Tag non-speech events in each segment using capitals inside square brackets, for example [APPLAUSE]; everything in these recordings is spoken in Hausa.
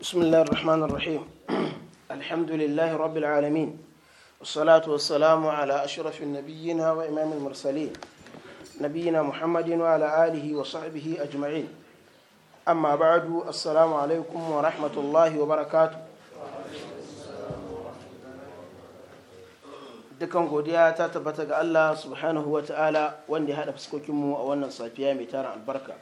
بسم الله الرحمن الرحيم الحمد لله رب العالمين والصلاة والسلام على أشرف النبيين وإمام المرسلين نبينا محمد وعلى آله وصحبه أجمعين أما بعد السلام عليكم ورحمة الله وبركاته dukan godiya ta tabbata ga Allah subhanahu wa ta'ala wanda ya haɗa fuskokinmu a wannan safiya mai tarin albarka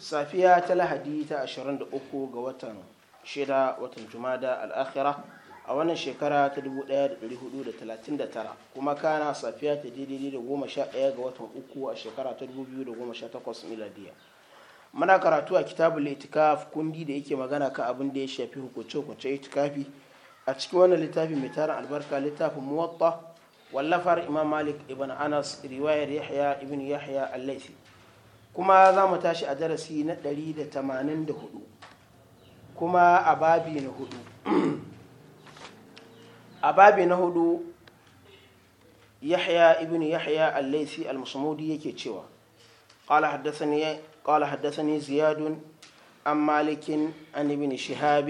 safiya ta lahadi ta 23 ga watan shida watan jumada al'akhira a wannan shekara ta 1439 kuma kana safiya ta daidai da goma sha ɗaya ga watan uku a shekara ta 2018 miladiya muna karatu a kitabul itikaf kundi da yake magana kan abin da ya shafi hukunce-hukunce itikafi a cikin wannan littafi mai tarin albarka littafin muwatta wallafar imam malik ibn anas riwayar yahya ibn yahya al-laifi kuma za mu tashi a darasi na 184 kuma a babi na hudu a babi na hudu yahya ibn yahya al-laisi al-musmudi yake cewa qala haddathani qala haddathani ziyad an malik an ibn shihab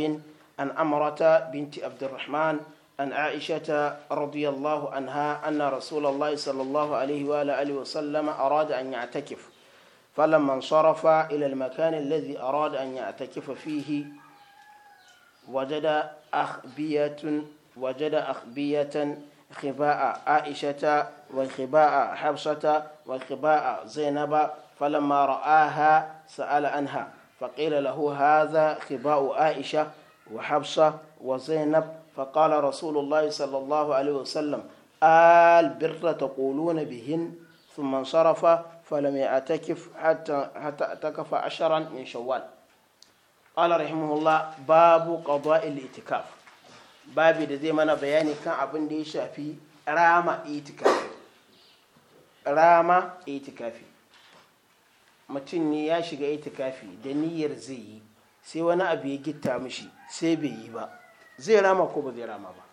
an amrata binti abdurrahman an aisha radiyallahu anha anna rasulullahi sallallahu alaihi wa alihi wa sallama arada an ya'takif فلما انصرف إلى المكان الذي أراد أن يعتكف فيه وجد أخبية وجد أخبية خباء عائشة وخباء حفصة وخباء زينب فلما رآها سأل عنها فقيل له هذا خباء عائشة وحفصة وزينب فقال رسول الله صلى الله عليه وسلم آل بر تقولون بهن ثم انصرف فلم يعتكف حتى, حتى اعتكف عشرا من شوال qala rahimahullah babu qada'il itikaf babi da zai mana bayani kan abin da ya shafi rama itikafi rama itikafi mutum ne ya shiga itikafi da niyyar zai yi sai wani abu ya gitta mishi sai bai yi ba zai rama ko ba zai rama ba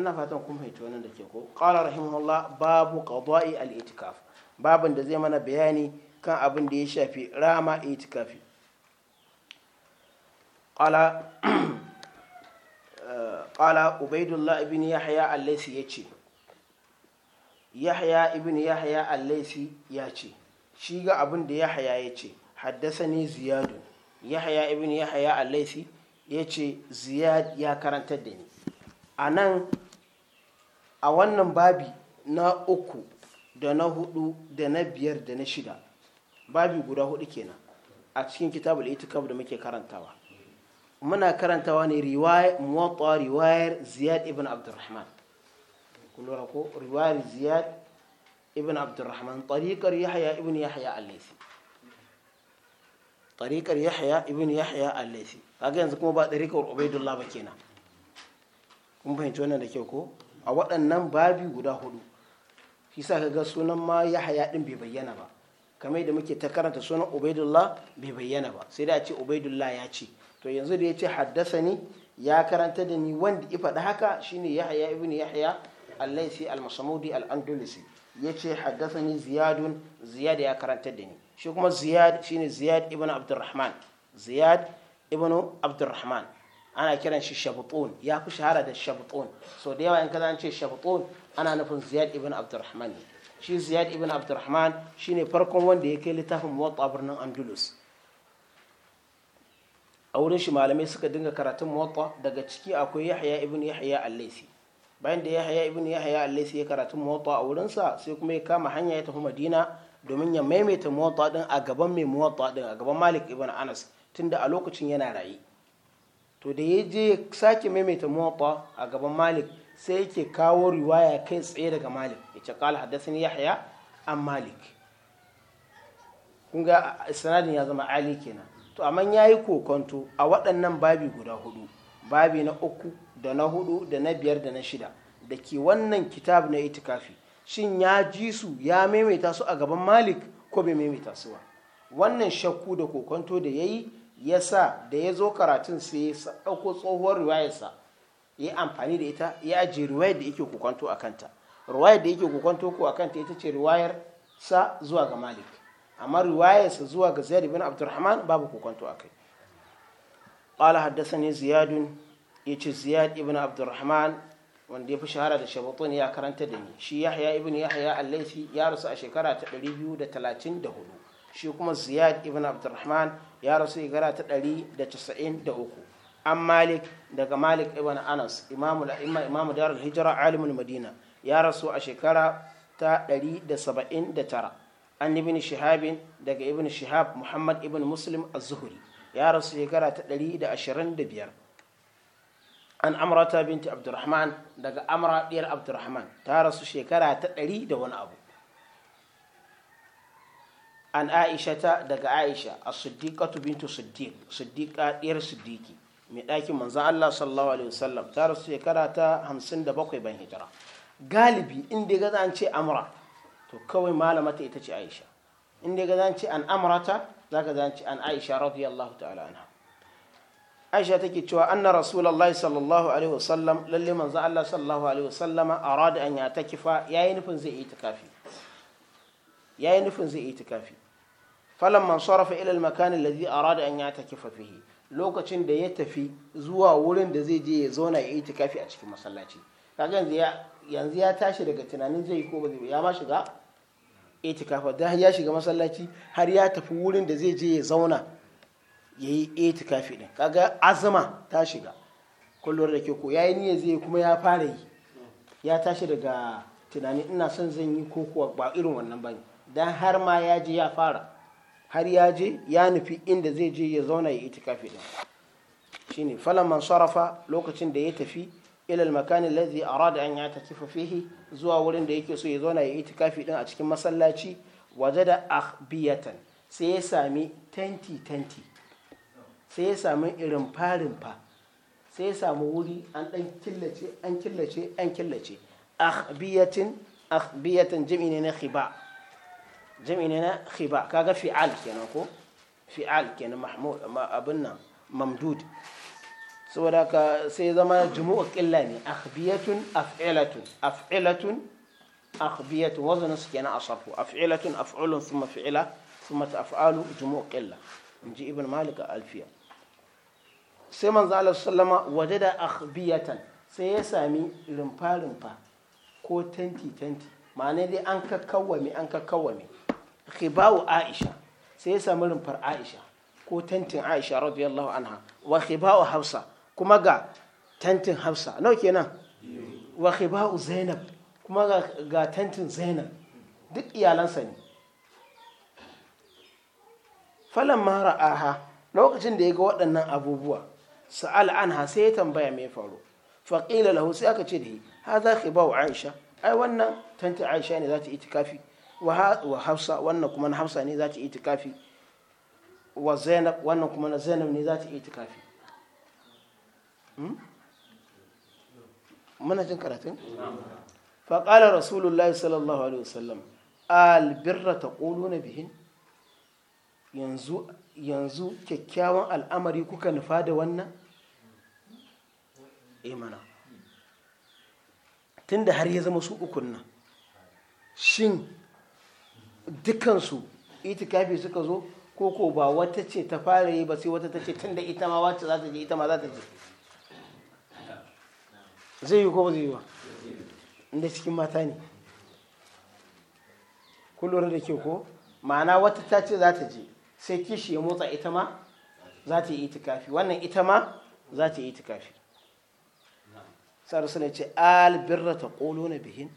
ina fatan kuma fahimci wannan da ke ko qala rahimahullah babu qada'i al-itikaf babin da zai mana bayani kan abin da ya shafi rama itikafi Ƙala ubaidullah ibn yahya al ya ce yahya ibn yahya al ya yace shi ga abin da yahya yace haddasani Ziyadu yahya ibn yahya al ya yace ziyad ya karantar da ni anan a wannan babi na uku da na hudu da na biyar da na shida babi guda hudu kenan a cikin kitabul itikab da muke karantawa muna karantawa ne riwaya muwatta riwayar ziyad ibn abdurrahman kullura ko riwayar ziyad ibn abdurrahman tariqar yahya ibn yahya al-laysi yahya ibn yahya al kaga yanzu kuma ba tariqar ubaidullah ba kenan kun fahimci wannan da kyau ko a waɗannan babi guda hudu shi sa kaga sunan ma yahya din bai bayyana ba kamar da muke ta karanta sunan ubaidullah bai bayyana ba sai da a ce ubaidullah ya ce to yanzu da ya ce haddasa ni ya karanta da ni wanda ya faɗi haka shine yahya ibn yahya al-laisi al-masamudi al-andalusi ya ce haddasa ni ziyadun ziyad ya karanta da ni shi kuma ziyad shine ziyad ibn abdurrahman ziyad ibn abdurrahman ana kiran shi shabutun ya fi shahara da shabutun so da yawa in kaza ce ana nufin ziyad ibn abdurrahman ne shi ziyad ibn abdurrahman shine farkon wanda ya kai littafin muwatta birnin andalus a wurin shi malamai suka dinga karatun muwatta daga ciki akwai yahya ibn yahya al-laisi bayan da yahya ibn yahya al-laisi ya karatun muwatta a sa sai kuma ya kama hanya ya tafi madina domin ya maimaita muwatta din a gaban mai muwatta din a gaban malik ibn anas tunda a lokacin yana raye to da ya je ya sake maimaita muwatta a gaban malik sai yake kawo riwaya kai tsaye daga malik ya ce qala yahaya yahya an malik kun sanadin ya zama ali kenan to amma ya yi kokonto a waɗannan babi guda hudu babi na uku da na hudu da na biyar da na shida da ke wannan kitab na itikafi shin ya ji su ya maimaita su a gaban malik ko bai maimaita su ba wannan shakku da kokonto da ya yi ya sa da ya zo karatun sai ya ɗauko tsohuwar riwayarsa ya amfani da ita ya ajiye riwayar da yake kokonto a kanta riwayar da yake kokonto ko a kanta ita ce riwayar sa zuwa ga malik amma riwayarsa zuwa ga zaid ibn abdurrahman babu kokonto akai qala ziyadun ya yace ziyad ibn abdurrahman wanda ya fi shahara da shabatun ya karanta da ni shi yahya ibn yahya al-laythi ya rasu a shekara ta 234 shi kuma ziyad ibn abdurrahman ya rasu shekara ta 193 an malik daga malik ibn anas imamu la'imma imamu darul hijra alimul madina ya rasu a shekara ta 179 an ibn shihabin daga ibn shihab muhammad ibn muslim az-zuhri ya rasu shekara ta 125 an amrata binti abdurrahman daga amra diyar abdurrahman ta rasu shekara ta 100 da wani abu an aisha ta daga aisha as-siddiqatu bintu siddiq siddiqa diyar siddiqi mai ɗakin manzan Allah sallallahu alaihi wasallam ta rasu shekara ta 57 ban hijira galibi inda ga zan ce amra to kawai malamata ita ce aisha in dai ga ce an amrata za ka zance an aisha radiyallahu ta'ala anha aisha take cewa anna rasulullahi sallallahu alaihi wasallam lalle manzo Allah sallallahu alaihi wasallama arada an ya kifa ya yi nufin zai yi Ya yi nufin zai yi tikafi falamman sarafa ila al-makan alladhi arada an ya takifa fihi lokacin da ya tafi zuwa wurin da zai je ya zauna ya yi tikafi a cikin masallaci kaga yanzu yanzu ya tashi daga tunanin zai yi ko ba zai ya ma shiga itikafa da ya shiga masallaci har ya tafi wurin da zai je ya zauna ya yi itikafi din kaga azama ta shiga kullum da ke ko ya yi niyyar zai kuma ya fara yi ya tashi daga tunanin ina son zan yi ko kuwa ba irin wannan bane dan har ma ya je ya fara har ya je ya nufi inda zai je ya zauna ya itikafi din shine falan man sarafa lokacin da ya tafi ila al-makan alladhi arada an yatakifa fihi zuwa wurin da yake so ya zauna ya itikafi din a cikin masallaci waje wajada akhbiyatan sai ya sami tenti tenti sai ya sami irin farin fa sai ya sami wuri an dan killace an killace an killace akhbiyatin akhbiyatan jami'i ne na khiba jami'i ne na khiba kaga fi'al kenan ko fi'al kenan mahmud abin mamdud saboda ka sai zama jumu'u qilla ne akhbiyatun af'ilatun af'ilatun akhbiyatun wazan su kenan asarfu af'ilatun af'ulun thumma fi'ila thumma af'alu jumu'u qilla inji ibn malik alfiya sai manzo Allah sallama wajada akhbiyatan sai ya sami rumfa rumfa ko tanti tanti ma'ana dai an kakkawame an kakkawame khibawu aisha sai ya sami rumfar aisha ko tantin aisha radiyallahu anha wa khibawu hafsa kuma ga tantin hafsa nau nan, wa khiba'u zainab kuma ga tantin zainab duk iyalansa ne falon mara aha lokacin da ya ga waɗannan abubuwa sa'al ha sai ya tambaya mai faru faƙila lahu sai aka ce da yi ha za ka ba wa aisha ai wannan tantin aisha ne za ta kafi? wa hafsa wannan kuma na hafsa ne za ta kafi? wa zainab wannan kuma na zainab ne za ta kafi? Hmm? muna jin karatun faƙalar rasulullahi sallallahu alaihi wasallam albirra ta ƙolo na bihin yanzu kyakkyawan al'amari kuka nufa da wannan imana eh tun da har ya zama su ukun nan shin dukansu itikafi suka zo koko ba wata ce ta fara yi ba sai wata ta ce tun da ita ma wata za ta je ita ma za ta je zai yi ko ba zai yi ba inda cikin mata ne kullum da ke ko ma'ana wata ta ce za ta je sai kishi ya motsa ita ma za ta yi ita kafi, wannan ita ma za ta yi itikafi sarrasu ne ce albirra ta ƙolo na bihin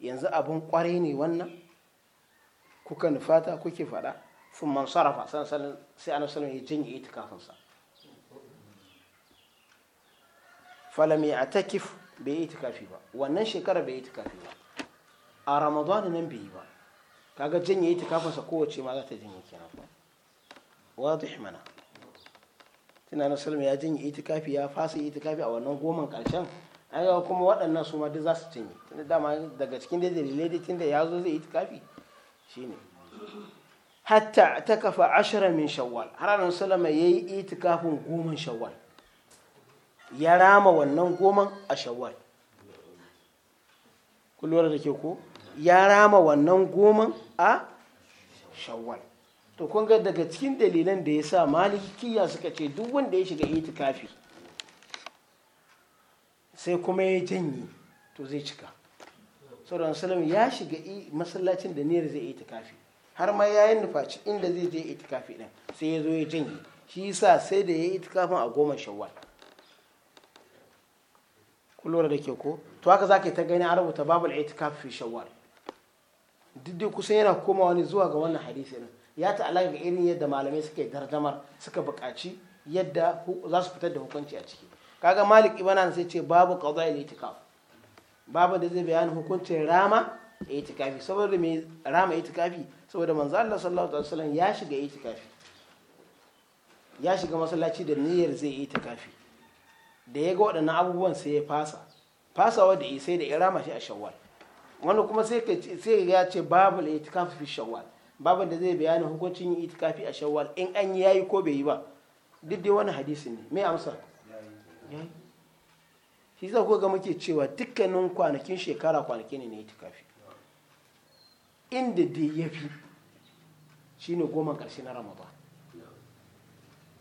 yanzu abin ƙwarai ne wannan kuka nufata kuke faɗa sun man sarrafa sai anasalin ya ita kafinsa. falam ya atakif bai yi itikafi ba wannan shekara bai yi itikafi ba a ramadan nan bai yi ba kaga janye itikafinsa kowace ma za ta janye kenan wadih mana tunanin salma ya janye itikafi ya fasa yi itikafi a wannan goman karshen an ga kuma waɗannan su ma duk za su cinye tunda dama daga cikin da dalilai da tunda ya zo zai yi itikafi shine hatta ta kafa ashira min shawwal har annabi sallama yayi itikafin goman shawwal ya rama wannan goman a shawwal kullum da ke ko ya rama wannan goman a shawwal to kun daga cikin dalilan da ya sa malikiya suka ce duk wanda ya shiga kafi sai kuma ya janye to zai cika sauran salam ya shiga masallacin da nera zai itikafi har ma ya yi nufaci inda zai je itikafi ɗin sai ya zo ya janye shi sa sai da ya yi kafin a goma shawwal kullum da ke ko to haka za ta gani a rubuta babu al'itikaf fi shawwal duk kusan yana komawa ne zuwa ga wannan hadisi nan ya alaƙa ga irin yadda malamai suka yi dardamar suka buƙaci yadda za su fitar da hukunci a ciki kaga malik ibn anas sai ce babu qada ita babu da zai bayani hukuncin rama i'tikafi saboda me rama i'tikafi saboda manzo Allah sallallahu alaihi wasallam ya shiga i'tikafi ya shiga masallaci da niyyar zai i'tikafi da ya ga waɗannan abubuwan sai ya fasa fasawa da sai da irama shi a shawwal wani kuma sai ya ce babu itikafi fi shawwal babu da zai bayani hukuncin yin itikafi a shawwal in an yi yayi ko bai yi ba duk dai wani hadisi ne me amsa shi za ku ga muke cewa dukkanin kwanakin shekara kwanaki ne na itikafi inda dai ya fi shine goma ƙarshe na ramadan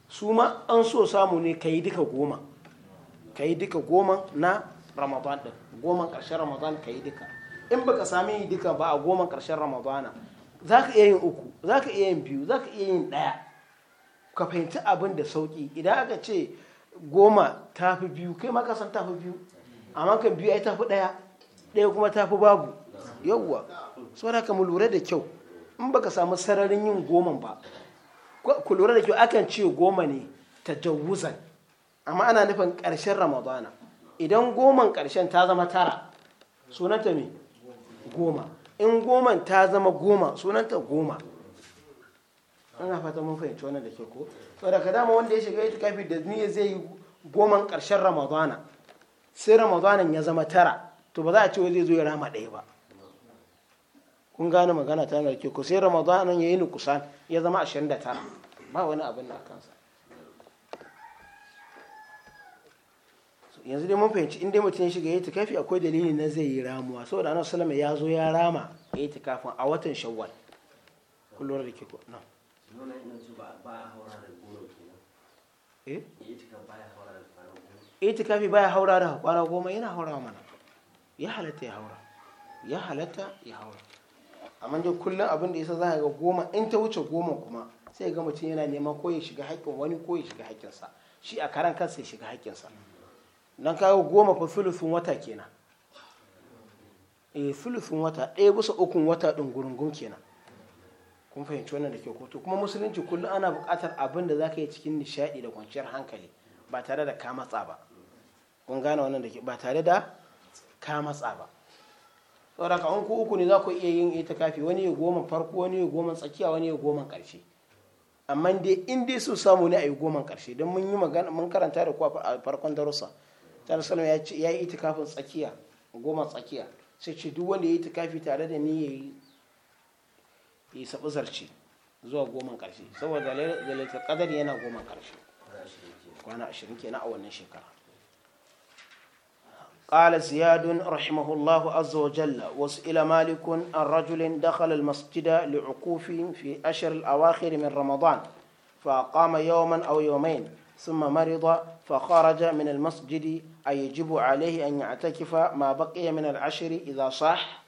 su ma an so samu ne ka yi duka goma ka yi duka goma na ramadan ɗin goma ƙarshen ramadan ka yi duka in baka sami yi duka ba a goma karshen ramadana za ka iya yin uku za ka iya yin biyu za ka iya yin ɗaya ka fahimci abin da sauƙi idan aka ce goma ta fi biyu kai ma san ta fi biyu amma kan biyu ai ta fi ɗaya ɗaya kuma ta fi babu yawwa saboda ka mu lura da kyau in baka samu sararin yin goma ba ku lura da kyau akan ce goma ne ta jawuzan amma ana nufin ƙarshen ramadana idan goman ƙarshen ta zama tara sunanta ne goma in goman ta zama goma sunanta goma ana fata mun fahimci wannan da ke ko da ka dama wanda ya shiga itikafi da ni zai yi goman ƙarshen ramadana sai ramadana ya zama tara to ba za a ce zai zo ya rama ɗaya ba kun gane magana ta narke ko sai ramadana ya yi nukusan ya zama ashirin da tara ba wani abin na kansa yanzu dai mun fahimci inda mutum ya shiga ya tikafi akwai dalili na zai yi ramuwa saboda annabi sallama ya zo ya rama ya tikafi a watan shawwal kun lura da ke ko na ba eh? baya haura da kwana goma yana haura mana ya halatta ya haura ya halatta ya haura amma dai kullum abin da yasa za ga goma in ta wuce goma kuma sai ga mutum yana neman ko ya shiga haƙƙin wani ko ya shiga haƙƙinsa shi a karan kansa ya shiga haƙƙinsa don kawo goma fa filifin wata kenan e filifin wata ɗaya bisa ukun wata ɗin gurungun kenan kun fahimci wannan da ke ko kuma musulunci kullum ana buƙatar abin da za ka yi cikin nishaɗi da kwanciyar hankali ba tare da ka matsa ba kun gane wannan da ke ba tare da ka matsa ba saboda ka ku uku ne za ku iya yin ita kafi wani ya goma farko wani ya goma tsakiya wani ya goma ƙarshe amma dai in dai su samu ne a yi goman ƙarshe don mun yi magana mun karanta da ku a farkon darussa sallallahu ya ce yayi itikafin tsakiya goma tsakiya sai ce duk wanda ya yi kafi tare da ni yayi yi sabu zarce zuwa goma karshe saboda lailatul qadar yana goma karshe kwana 20 kenan a wannan shekara قال زياد رحمه الله عز وجل وسئل مالك عن رجل دخل المسجد لعقوف في أشر الأواخر ramadan رمضان فقام يوما أو ثم مرض فخرج من المسجد أيجب عليه أن يعتكف ما بقي من العشر إذا صح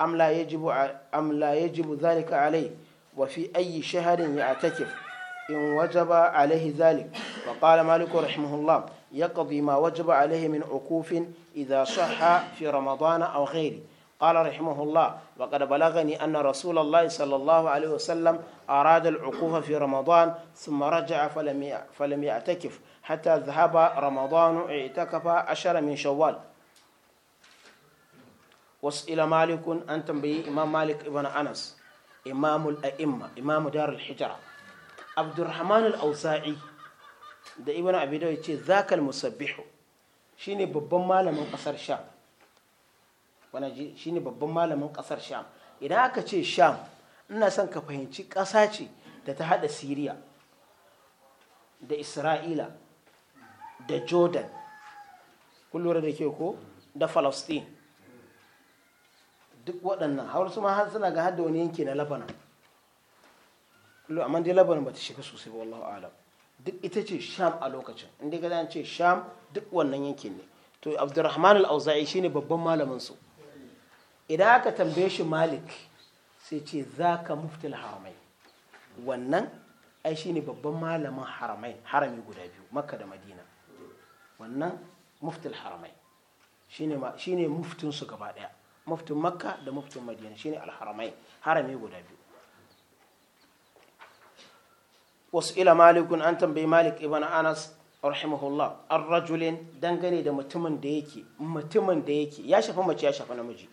أم لا يجب أم لا يجب ذلك عليه وفي أي شهر يعتكف إن وجب عليه ذلك فقال مالك رحمه الله يقضي ما وجب عليه من عكوف إذا صح في رمضان أو غيره قال رحمه الله وقد بلغني أن رسول الله صلى الله عليه وسلم أراد العقوف في رمضان ثم رجع فلم فلم يعتكف حتى ذهب رمضان اعتكف عشر من شوال وسئل مالك أن تنبي إمام مالك ابن أنس إمام الأئمة إمام دار الحجرة عبد الرحمن الأوزاعي da ibn abi dawud ce zakal musabbihu shine babban malamin kasar sham wani ne babban malamin kasar sham idan aka ce sham ina son ka fahimci ƙasa ce da ta haɗa siriya da isra'ila da jordan kullum da ke ko da falastin duk waɗannan har su ma suna ga hada wani yanki na labanan amma dai labanan ba ta shiga sosai ba wallahu alam duk ita ce sham a lokacin inda ga ce sham duk wannan yankin ne to abdurrahman al-auza'i shine babban malamin su idan aka tambaye shi malik sai ce za ka muftil haramai wannan ai shi ne babban malamin haramai harami guda biyu makka da madina wannan muftil haramai shi ne muftinsu gaba daya muftin makka da muftin madina shi ne alharamai harami guda biyu wasu ila malikun an tambayi malik ibn anas rahimahullah an rajulin dangane da mutumin da yake mutumin da yake ya shafi mace ya shafi namiji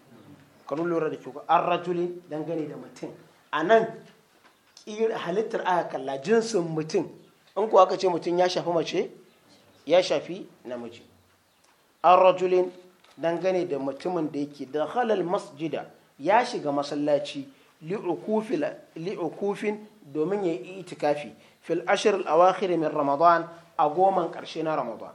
karun lura da kyau an rajuli dangane da mutum a nan halittar aka kalla jinsin mutum in kuwa aka ce mutum ya shafi mace ya shafi namiji an rajulin dangane da mutumin da yake da halal masjida ya shiga masallaci li'ukufin domin ya yi itikafi fil ashir al-awakhir min ramadan a goman karshe na ramadan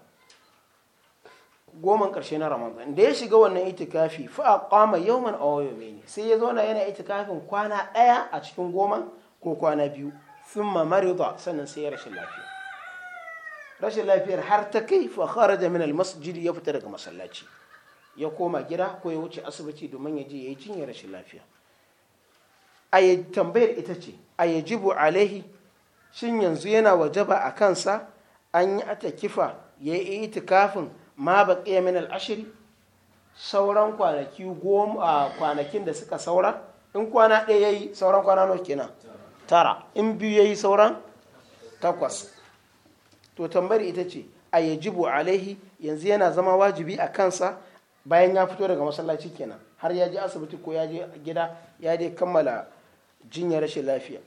goman ƙarshe na ramadan da ya shiga wannan itikafi fa aqama yawman aw ne sai ya zauna yana itikafin kwana ɗaya a cikin goma ko kwana biyu thumma marida sannan sai ya rashin lafiya rashin lafiyar har ta kai fa kharaja min al ya fita daga masallaci ya koma gida ko ya wuce asibiti domin ya je yayi jinyar rashin lafiya tambayar ita ce ayajibu alaihi shin yanzu yana wajaba a kansa an yi kifa ya yi itikafin ma ƙiya min al'ashiri sauran kwanaki goma kwanakin da suka saura in kwana ɗaya yi sauran kwana nawa kenan tara in biyu ya yi sauran takwas to tambari ita ce a yajibu alaihi yanzu yana zama wajibi a kansa bayan ya fito daga masallaci kenan har ya ji asibiti ko ya je gida ya dai kammala jinyar rashin lafiya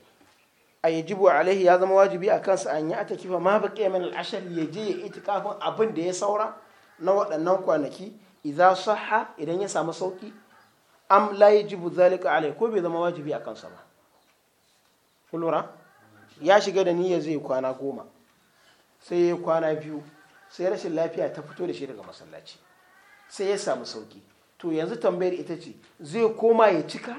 a yajibu alaihi ya zama wajibi a kansa an yi ata kifa ma ba min al'ashar ya je ya itikafin abin da ya saura na waɗannan kwanaki iza sahha idan ya samu sauki am la yajibu zalika alai ko bai zama wajibi a kansa ba fulora ya shiga da niyyar zai kwana goma sai ya kwana biyu sai rashin lafiya ta fito da shi daga masallaci sai ya samu sauki to yanzu tambayar ita ce zai koma ya cika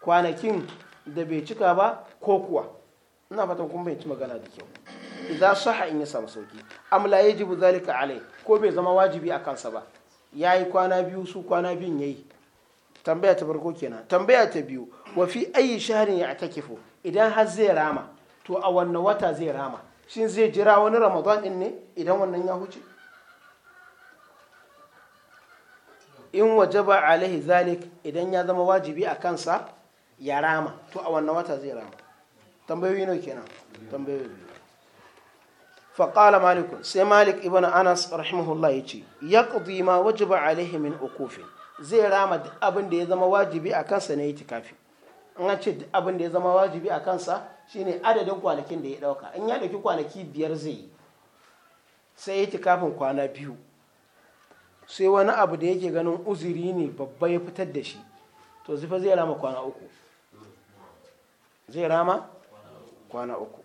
kwanakin da bai cika ba ko kuwa ina fatan kun ci magana da kyau idza saha in ya samu sauki am la yajibu zalika alai ko bai zama wajibi a kansa ba yayi kwana biyu su kwana biyun yayi tambaya ta farko kenan tambaya ta biyu wa fi ayi shahrin ya'takifu idan har zai rama to a wanne wata zai rama shin zai jira wani ramadan din ne idan wannan ya huce in wajaba alaihi zalik idan ya zama wajibi a kansa ya rama to a wannan wata zai rama tambayoyi ne kenan tambayoyi faƙala malikun sai malik ibn anas rahimahullah ya ce ya ma wajaba alaihi min ukufin zai rama duk abin da ya zama wajibi a kansa na itikafi in an ce abin da ya zama wajibi a kansa shine adadin kwanakin da ya ɗauka in ya dauki kwanaki biyar zai yi sai ya itikafin kwana biyu sai wani abu da yake ganin uzuri ne babba ya fitar da shi to zufa zai rama kwana uku zai rama kwana uku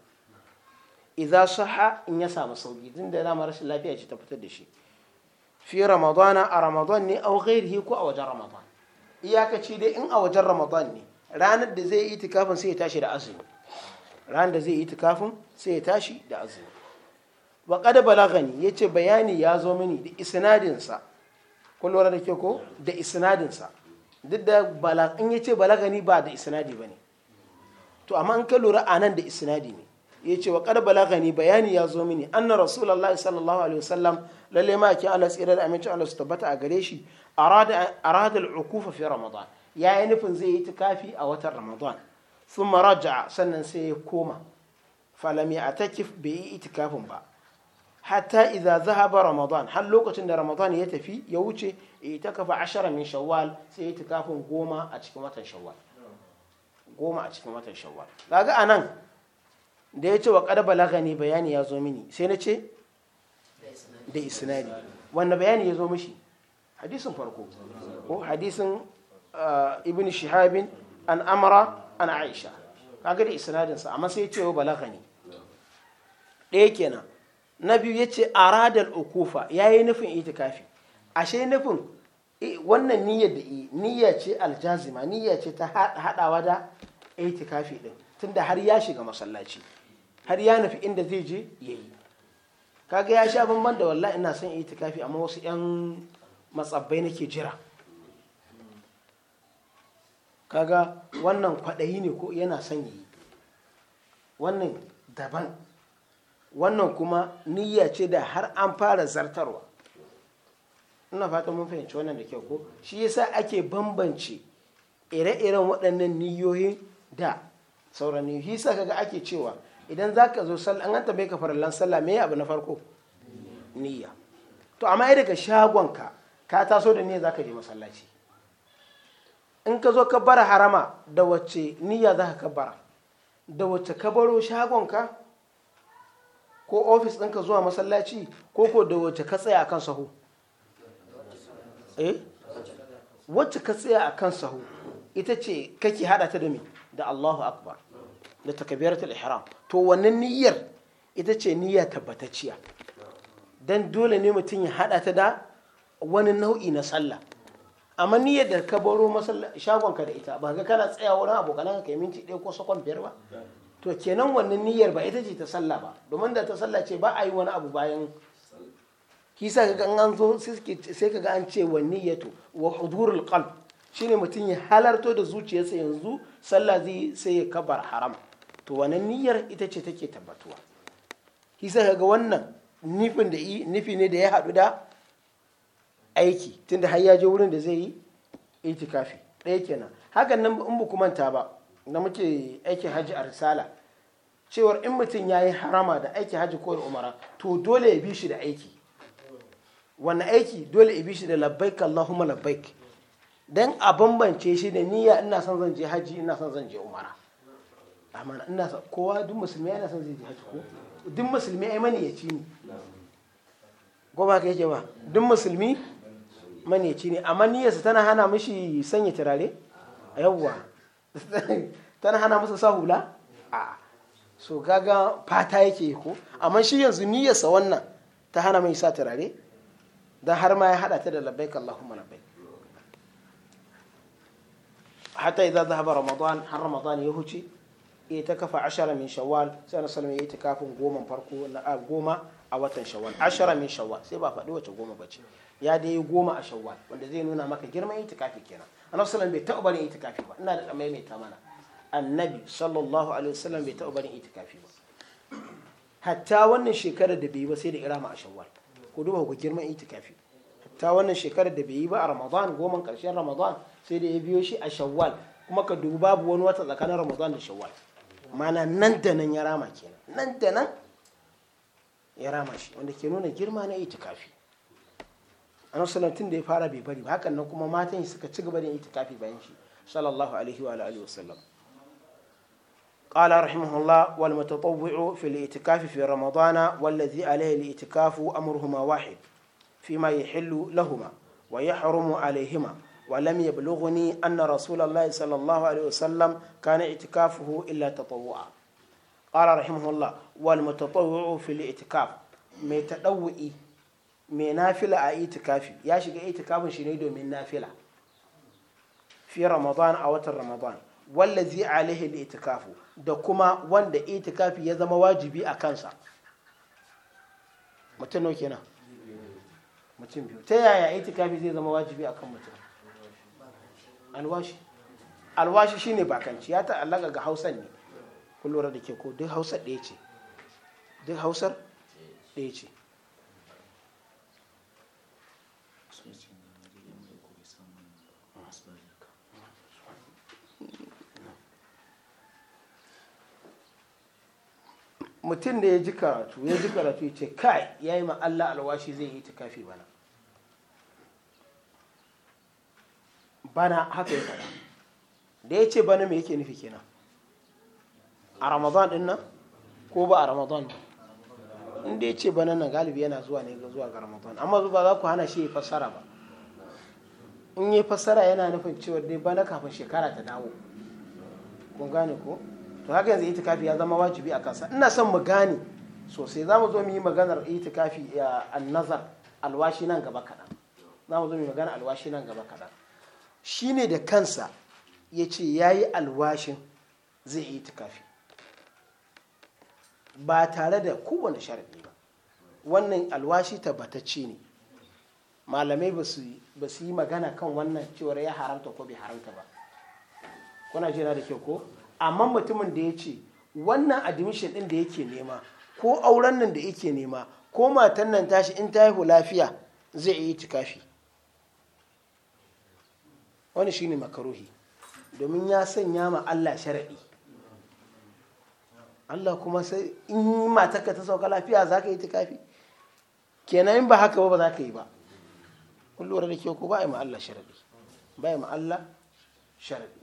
idza saha in ya samu sauki tunda dama rashin lafiya ce ta fitar da shi fi ramadana a ramadan ne au ghairihi ko a wajen ramadan iyakaci dai in a wajen ramadan ne ranar da zai yi tikafin sai ya tashi da azumi ranar da zai yi tikafin sai ya tashi da azumi wa qad balagani yace bayani ya zo mini da isnadin sa kun lura da ke ko da isnadin sa duk da bala in yace balagani ba da isnadi bane to amma in ka lura anan da isnadi ne ya ce wa kar balagani bayani ya zo mini anna rasulullah sallallahu alaihi wasallam lalle ma ki Allah tsira da aminci Allah su tabbata a gare shi arada arada al fi ramadan ya yi nufin zai yi tikafi a watan ramadan thumma raja'a sannan sai ya koma falami a takif bai yi itikafin ba hatta idza zahaba ramadan har lokacin da ramadan ya tafi ya wuce kafa ashara min shawwal sai ya itikafin goma a cikin watan shawwal goma a cikin watan shawwal kaga anan da ya ce wa kada balaga ne bayani ya zo mini sai na ce da isnadi wanda bayani ya zo mishi hadisin farko ko hadisin uh, ibn shihabin an amara an aisha kaga da isnadinsa amma sai ya ce wa balaga ne ɗaya kenan na biyu ya ce a radar okufa ya yi nufin ita kafi ashe nufin eh, wannan niyyar da yi niyya ce aljazima niyya ce ta haɗawa da ita kafi ɗin tunda har ya shiga masallaci har ya nufi inda zai je ya yi kaga ya sha banban da walla ina son yi tikafi amma wasu 'yan matsabbai nake jira kaga wannan kwaɗayi ne ko yana son yi wannan daban wannan kuma niyya ce da har an fara zartarwa ina fata mun fahimci wannan da kyau ko shi yasa ake bambance ire-iren waɗannan niyoyin da sauran niyoyi sa kaga ake cewa idan za ka zo sallah an tambaye ka farallan sallah me abu na farko niyya to amma ai daga shagonka ka taso da niyya za ka je masallaci in ka zo ka bara harama da wacce niyya za ka bara da wacce ka baro shagonka ko ofis ɗinka zuwa masallaci ko ko da wacce ka tsaya akan sahu eh wacce ka tsaya akan sahu ita ce kake hada ta da me da Allahu akbar da takabiratul ihram to wannan niyyar ita ce niyya tabbatacciya dan dole ne mutum ya hada ta da wani nau'i na sallah amma niyyar da ka baro shagon ka da ita ba ga kana tsaya wurin abokanan ka minti ɗaya ko sakon biyar ba to kenan wannan niyyar ba ita ce ta sallah ba domin da ta sallah ce ba a yi wani abu bayan kisa ka an zo sai ka ga an ce wa niyyatu wa hudurul qalb shine mutum ya halarto da zuciyarsa yanzu sallah zai sai ya kabar haram to wannan niyyar ita ce take tabbatuwa hisa ga wannan nufin da nufi ne da ya haɗu da aiki tunda har ya je wurin da zai yi itikafi ɗaya kenan hakan nan in ba manta ba da muke aikin haji a risala cewar in mutum ya yi harama da aiki haji ko umara to dole ya bi shi da aiki wannan aiki dole ya bi shi da labbaik allahumma labbaik don a bambance shi da niyya ina son zan je haji ina son zan je umara amana ina sa kowa duk musulmi yana son zai je haji ko duk musulmi ai mani ya ci ne ko ba ka yake ba duk musulmi mani ya ci ne amma niyyarsa tana hana mishi sanya turare a yawwa [LAUGHS] tana hana masa sa hula a so gaga fata yake ko amma shi yanzu niyyarsa wannan ta hana mai sa turare don har ma ya hada ta da labbaik Allahumma labbaik hatta idza dhahaba ramadan har ramadan ya huce ya eh, ta kafa ashara min shawwal sai na salama ya yi ta kafin goma farko na goma a watan shawwal ashara min shawwal sai ba faɗi wace goma bace ya dai yi goma a shawwal wanda zai nuna maka girman itikafi kenan annabi sallallahu bai taɓa barin itikafi ba ina da tsamai mai tamana annabi sallallahu alaihi wasallam bai taɓa barin itikafi ba hatta wannan shekarar da bai yi ba sai da irama a shawwal ko duba ku girman itikafi hatta wannan shekarar da bai yi ba a ramadan goman karshen ramadan sai da ya biyo shi a shawwal kuma ka dubi babu wani wata tsakanin ramadan da shawwal mana nan da nan ya rama kenan nan da nan ya rama shi wanda ke nuna girma na itikafi annabi sallallahu tun da ya fara bai bari ba hakan nan kuma matan shi suka ci gaba da itikafi bayan shi sallallahu alaihi wa alihi wasallam قال رحمه الله والمتطوع في الاعتكاف في رمضان والذي عليه الاعتكاف أمرهما واحد فيما يحل لهما ويحرم عليهما ولم يبلغني أن رسول الله صلى الله عليه وسلم كان اعتكافه إلا تطوعا قال رحمه الله والمتطوع في الاعتكاف mai taɗawu'i mai nafila a itikafi ya shiga itikafin shi ne domin nafila fi ramadan a watan ramadan wallazi alaihi da itikafu da kuma wanda itikafi ya zama wajibi a kansa mutum nau kenan mutum biyu ta yaya zai zama wajibi mutum alwashi alwashi shine bakanci ya ta'allaka ga hausan ne kun lura da ke ko duk hausar ɗaya ce duk hausar ɗaya ce mutum da ya ji karatu ya ji karatu ya ce kai ya yi ma'alla alwashi zai yi ta kafi bana bana haka ya faɗa da ya ce bana mai yake nufi kenan a ramadan din nan ko ba a ramadan inda ya ce bana nan galibi yana zuwa ne ga zuwa ga ramadan amma ba za ku hana shi ya fassara ba in yi fassara yana nufin cewa dai bana kafin shekara ta dawo kun gane ko to haka yanzu itikafi ya zama wajibi a kansa ina son mu gane sosai za mu zo mu yi maganar itikafi eh, a nazar alwashi nan gaba kaɗan za mu zo mu yi maganar alwashi nan gaba kaɗan shi ne da kansa ya ce ya yi alwashin zai yi tukafi ba tare da kowane sharaɗi ba wannan alwashi tabbatacce ne malamai ba su yi magana kan wannan cewar ya haramta ko bai haramta ba kuna jira da kyau ko amma mutumin da ya ce wannan admission ɗin da yake nema ko auren nan da yake nema ko matan nan tashi in ta haihu lafiya zai yi tikafi wani shine makaruhi domin ya sanya ma Allah sharaɗi Allah kuma sai in matarka ta sauka lafiya za ka yi ta kafi? kenan in ba haka ba ba za ka yi ba kun lura da ke ko ba yi ma'alla Allah sharaɗi ba yi ma'alla Allah sharaɗi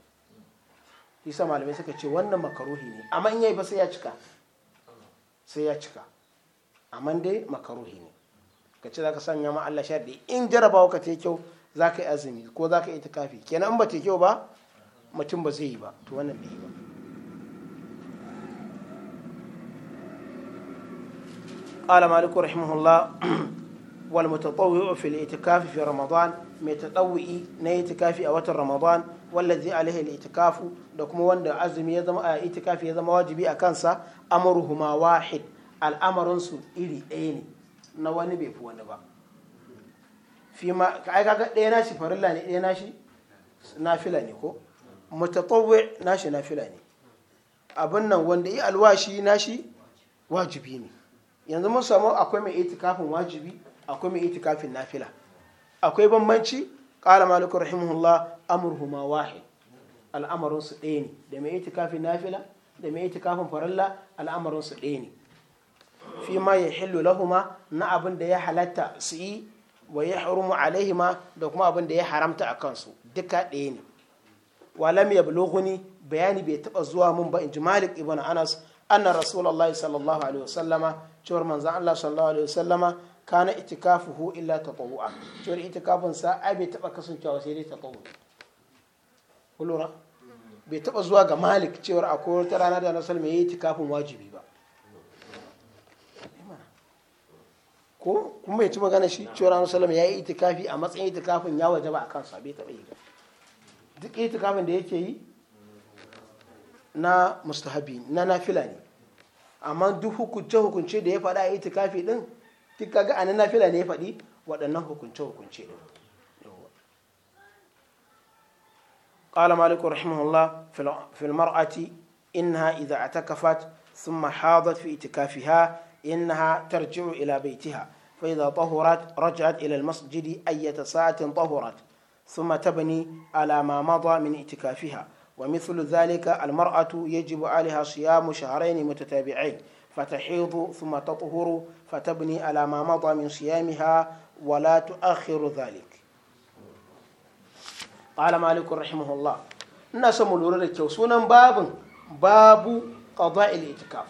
isa malamai suka ce wannan makaruhi ne amma in yayi ba sai ya cika sai ya cika amma dai makaruhi ne ka ce za ka sanya ma Allah sharaɗi in jarabawa ka ce kyau za ka azumi ko za ka yi ta kafi kenan in ba ta ba mutum ba zai yi ba to wannan bai yi ba ƙala maliku rahimahullah wal mutatawwi fi ramadan mai tatawwi na itikafi a watan ramadan wallazi alaihi al da kuma wanda azumi ya zama a itikafi ya zama wajibi a kansa amruhuma wahid al'amarin su iri ɗaya ne na wani bai fi wani ba fi ma ai kaga ɗaya nashi farilla ne ɗaya nashi nafila ne ko mutatawwi nashi nafila ne abin nan wanda yi alwashi nashi wajibi ne yanzu mun samu akwai mai itikafin wajibi akwai mai itikafin nafila akwai bambanci qala malikur rahimahullah amruhuma wahid al'amarin su ɗaya ne da mai itikafin nafila da mai itikafin farilla al'amarin su ɗaya ne fi ma ya hillu lahuma na abin da ya halatta su yi wa yahrumu alaihima da kuma abin da ya haramta a kansu duka ɗaya ne wa lam yablughuni bayani bai taba zuwa mun ba in ji Malik ibn Anas anna Rasulullahi sallallahu alaihi wasallama cewar manzon Allah sallallahu alaihi wasallama kana itikafuhu illa tatawwa cewar itikafin sa ai bai taba kasancewa sai dai tatawwa kullura bai taba zuwa ga Malik cewar akwai wata rana da Rasul mai itikafin wajibi ko kuma ya ci magana shi cewar annabi sallam ya yi itikafi a matsayin itikafin ya waje ba a kansa bai taɓa yi ba duk itikafin da yake yi na mustahabi na nafila ne amma duk hukunce hukunce da ya faɗa a itikafi din duk kaga a nafila ne ya faɗi waɗannan hukunce hukunce din قال مالك رحمه الله في المرأة إنها إذا اعتكفت ثم حاضت في اعتكافها إنها ترجع إلى بيتها فإذا طهرت رجعت إلى المسجد أية ساعة طهرت ثم تبني على ما مضى من اعتكافها ومثل ذلك المرأة يجب عليها صيام شهرين متتابعين فتحيض ثم تطهر فتبني على ما مضى من صيامها ولا تؤخر ذلك قال مالك رحمه الله الناس ملورة الكيو باب باب قضاء الاعتكاف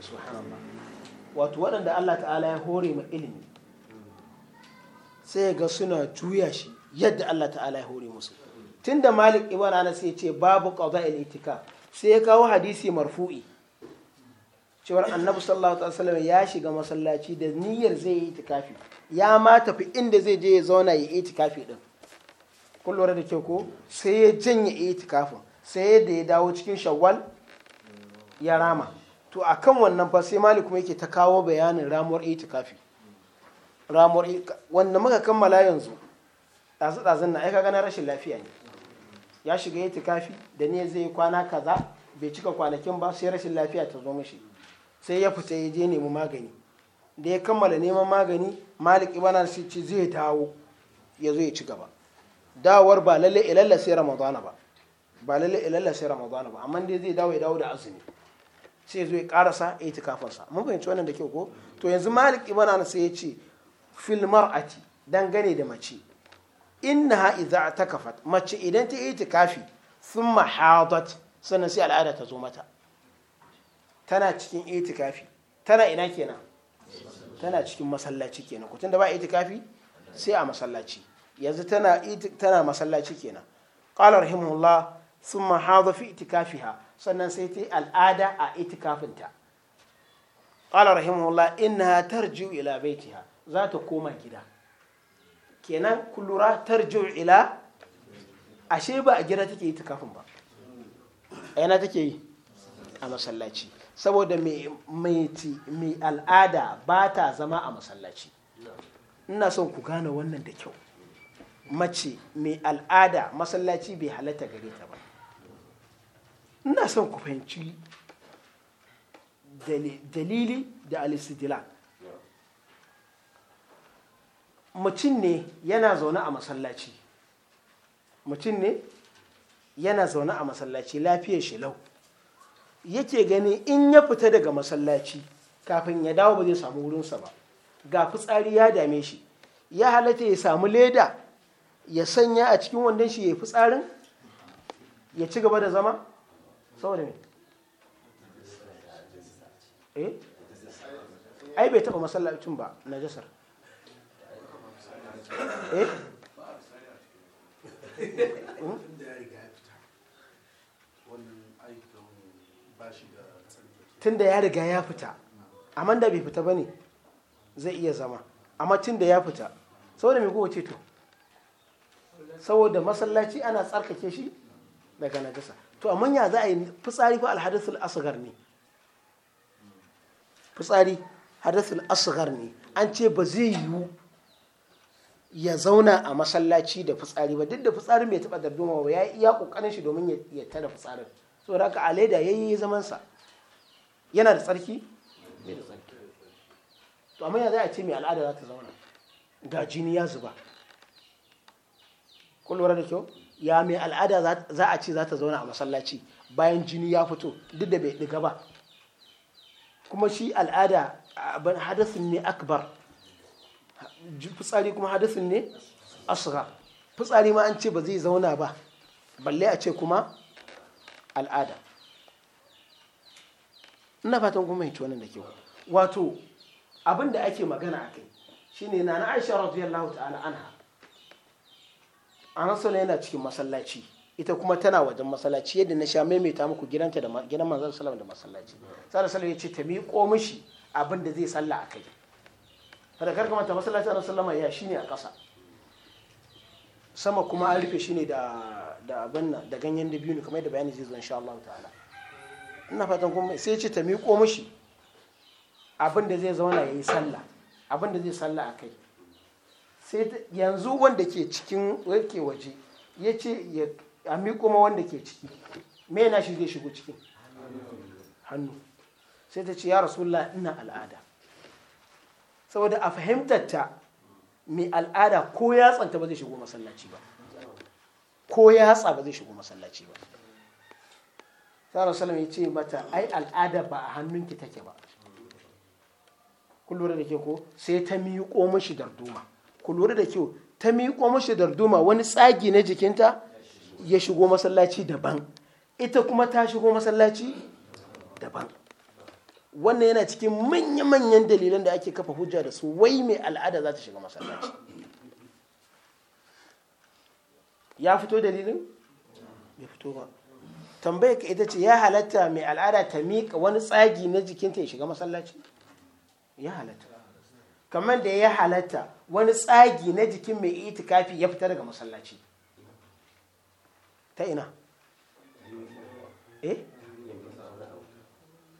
سبحان الله wato waɗanda Allah ta'ala ya hore ma ilimi sai ga suna juya shi yadda Allah ta'ala ya hore musu tunda Malik ibn Anas ya ce babu qada'il itika sai ya kawo hadisi marfu'i cewar Annabi sallallahu alaihi wasallam ya shiga masallaci da niyyar zai yi itikafi ya ma tafi inda zai je ya zauna ya itikafi din kun lura da kyau ko sai ya janye itikafin sai da ya dawo cikin shawwal ya rama to a kan wannan fa sai malik kuma yake ta kawo bayanin ramuwar kafi. ramuwar wanda muka kammala yanzu ɗazu ɗazun na aika gana rashin lafiya ne ya shiga kafi da ne zai kwana kaza bai cika kwanakin ba sai rashin lafiya ta zo mashi sai ya fita ya je nemi magani da ya kammala neman magani malik ibn al-sisi zai dawo ya zo ya ci gaba dawar ba lalle ilalla sai ramadana ba ba lalle ilalla sai ramadana ba amma dai zai dawo ya dawo da azumi sai zo ya karasa itikafinsa mun fahimci wannan da kyau ko to yanzu malik ibn na sai ya ce fil mar'ati dangane da mace innaha ta takafat mace idan ta itikafi ma hadat sannan sai al'ada ta zo mata tana cikin itikafi tana ina kenan tana cikin masallaci kenan ko tunda ba itikafi sai a masallaci yanzu tana masallaci kenan qala rahimahullah sun hada fi itikafiha sannan sai ta al'ada a itikafinta qala rahimahullah tar tarji'u ila baitiha za ta koma gida kenan kullura tarji'u ila ashe ba a gida take itikafin ba a yana take yi a masallaci saboda mai al'ada ba ta zama a masallaci ina son ku gane wannan da kyau mace mai al'ada masallaci bai halatta gare ta ba ina son ku fahimci dalili da alistidila mutum ne yana zaune a masallaci mutum ne yana zaune a masallaci lafiyar shi lau yake gani in ya fita daga masallaci kafin ya dawo ba zai samu wurinsa ba ga fitsari ya dame shi ya halatta ya samu leda ya sanya a cikin wandon shi ya yi fitsarin ya ci gaba da zama saboda ne eh ai bai taba masallacin ba na jasar eh hmm? tun da ya riga ya fita amma da bai fita ba ne zai iya zama amma tun da ya fita saboda mai kowace to saboda masallaci ana tsarkake shi daga najasa to amma ya za a yi fitsari fa alhadathul asghar ne fitsari hadathul asghar ne an ce ba zai yiwu ya zauna a masallaci da fitsari ba duk da fitsarin bai taba darduma ba ya iya kokarin shi domin ya tara fitsarin so haka a yayi zaman sa yana da tsarki bai da tsarki to amma ya za a ce mai al'ada za ta zauna ga jini ya zuba kun da kyau ya mai al'ada za a ce za ta zauna a masallaci bayan jini ya fito duk da bai ɗiga ba kuma shi al'ada ban hadasin ne akbar fitsari kuma hadasin ne asra fitsari ma an ce ba zai zauna ba balle a ce kuma al'ada ina fatan kuma hici wannan da kyau wato abin da ake magana a kai shine na na aisha radiyallahu ta'ala anha anasala yana cikin masallaci ita kuma tana wajen masallaci yadda na sha maimaita muku gidanta da gidan manzon sallam da masallaci sai sallam ya ce ta miƙo mishi abin da zai salla a kai kada karka manta masallaci annabi sallama ya shine a ƙasa sama kuma an rufe shine da da abin nan da ganyen da ne kamar yadda bayani zai zo insha Allah ta'ala ina fatan kuma sai ya ce ta miƙo mishi abin da zai zauna yayi sallah abin da zai salla a kai sai yanzu wanda ke cikin yake waje ya ce kuma wanda ke ciki me na shi zai shigo cikin hannu sai ta ce ya rasulullah ina al'ada saboda a fahimtar ta mai al'ada ko ya tsanta ba zai shigo masallaci ba ko ya hatsa ba zai shigo masallaci ba rasu salam ya ce mata ai al'ada ba a hannunki take ba kullum da ke ko sai ta miƙo mashi darduma ku lura da kyau ta miƙo mashi darduma wani tsagi na jikinta ya shigo masallaci daban ita kuma ta shigo masallaci daban wannan yana cikin manya-manyan dalilan da ake kafa hujja da su wai mai al'ada za ta shiga masallaci ya fito dalilin? Ya fito ba tambaya ka ita ce ya halatta mai al'ada ta miƙa wani tsagi na jikinta ya shiga masallaci ya halatta kamar da ya halatta wani tsagi na jikin mai itikafi ya fita daga masallaci ta ina eh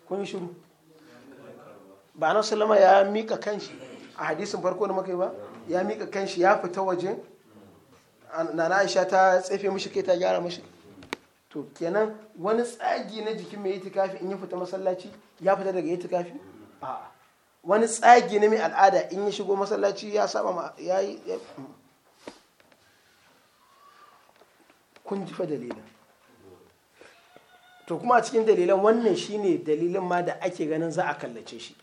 kun shiru ba na salama ya mika kanshi a hadisin farko da makai ba ya mika kanshi ya fita waje na aisha ta tsefe mishi kai ta gyara mishi to kenan wani tsagi na jikin mai itikafi in ya fita masallaci ya fita daga itikafi a'a wani tsagi na mai al'ada in yi shigo masallaci ya saba ma ya yi kun jifa dalilan to kuma a cikin dalilan wannan shine dalilin ma da ake ganin za a kallace shi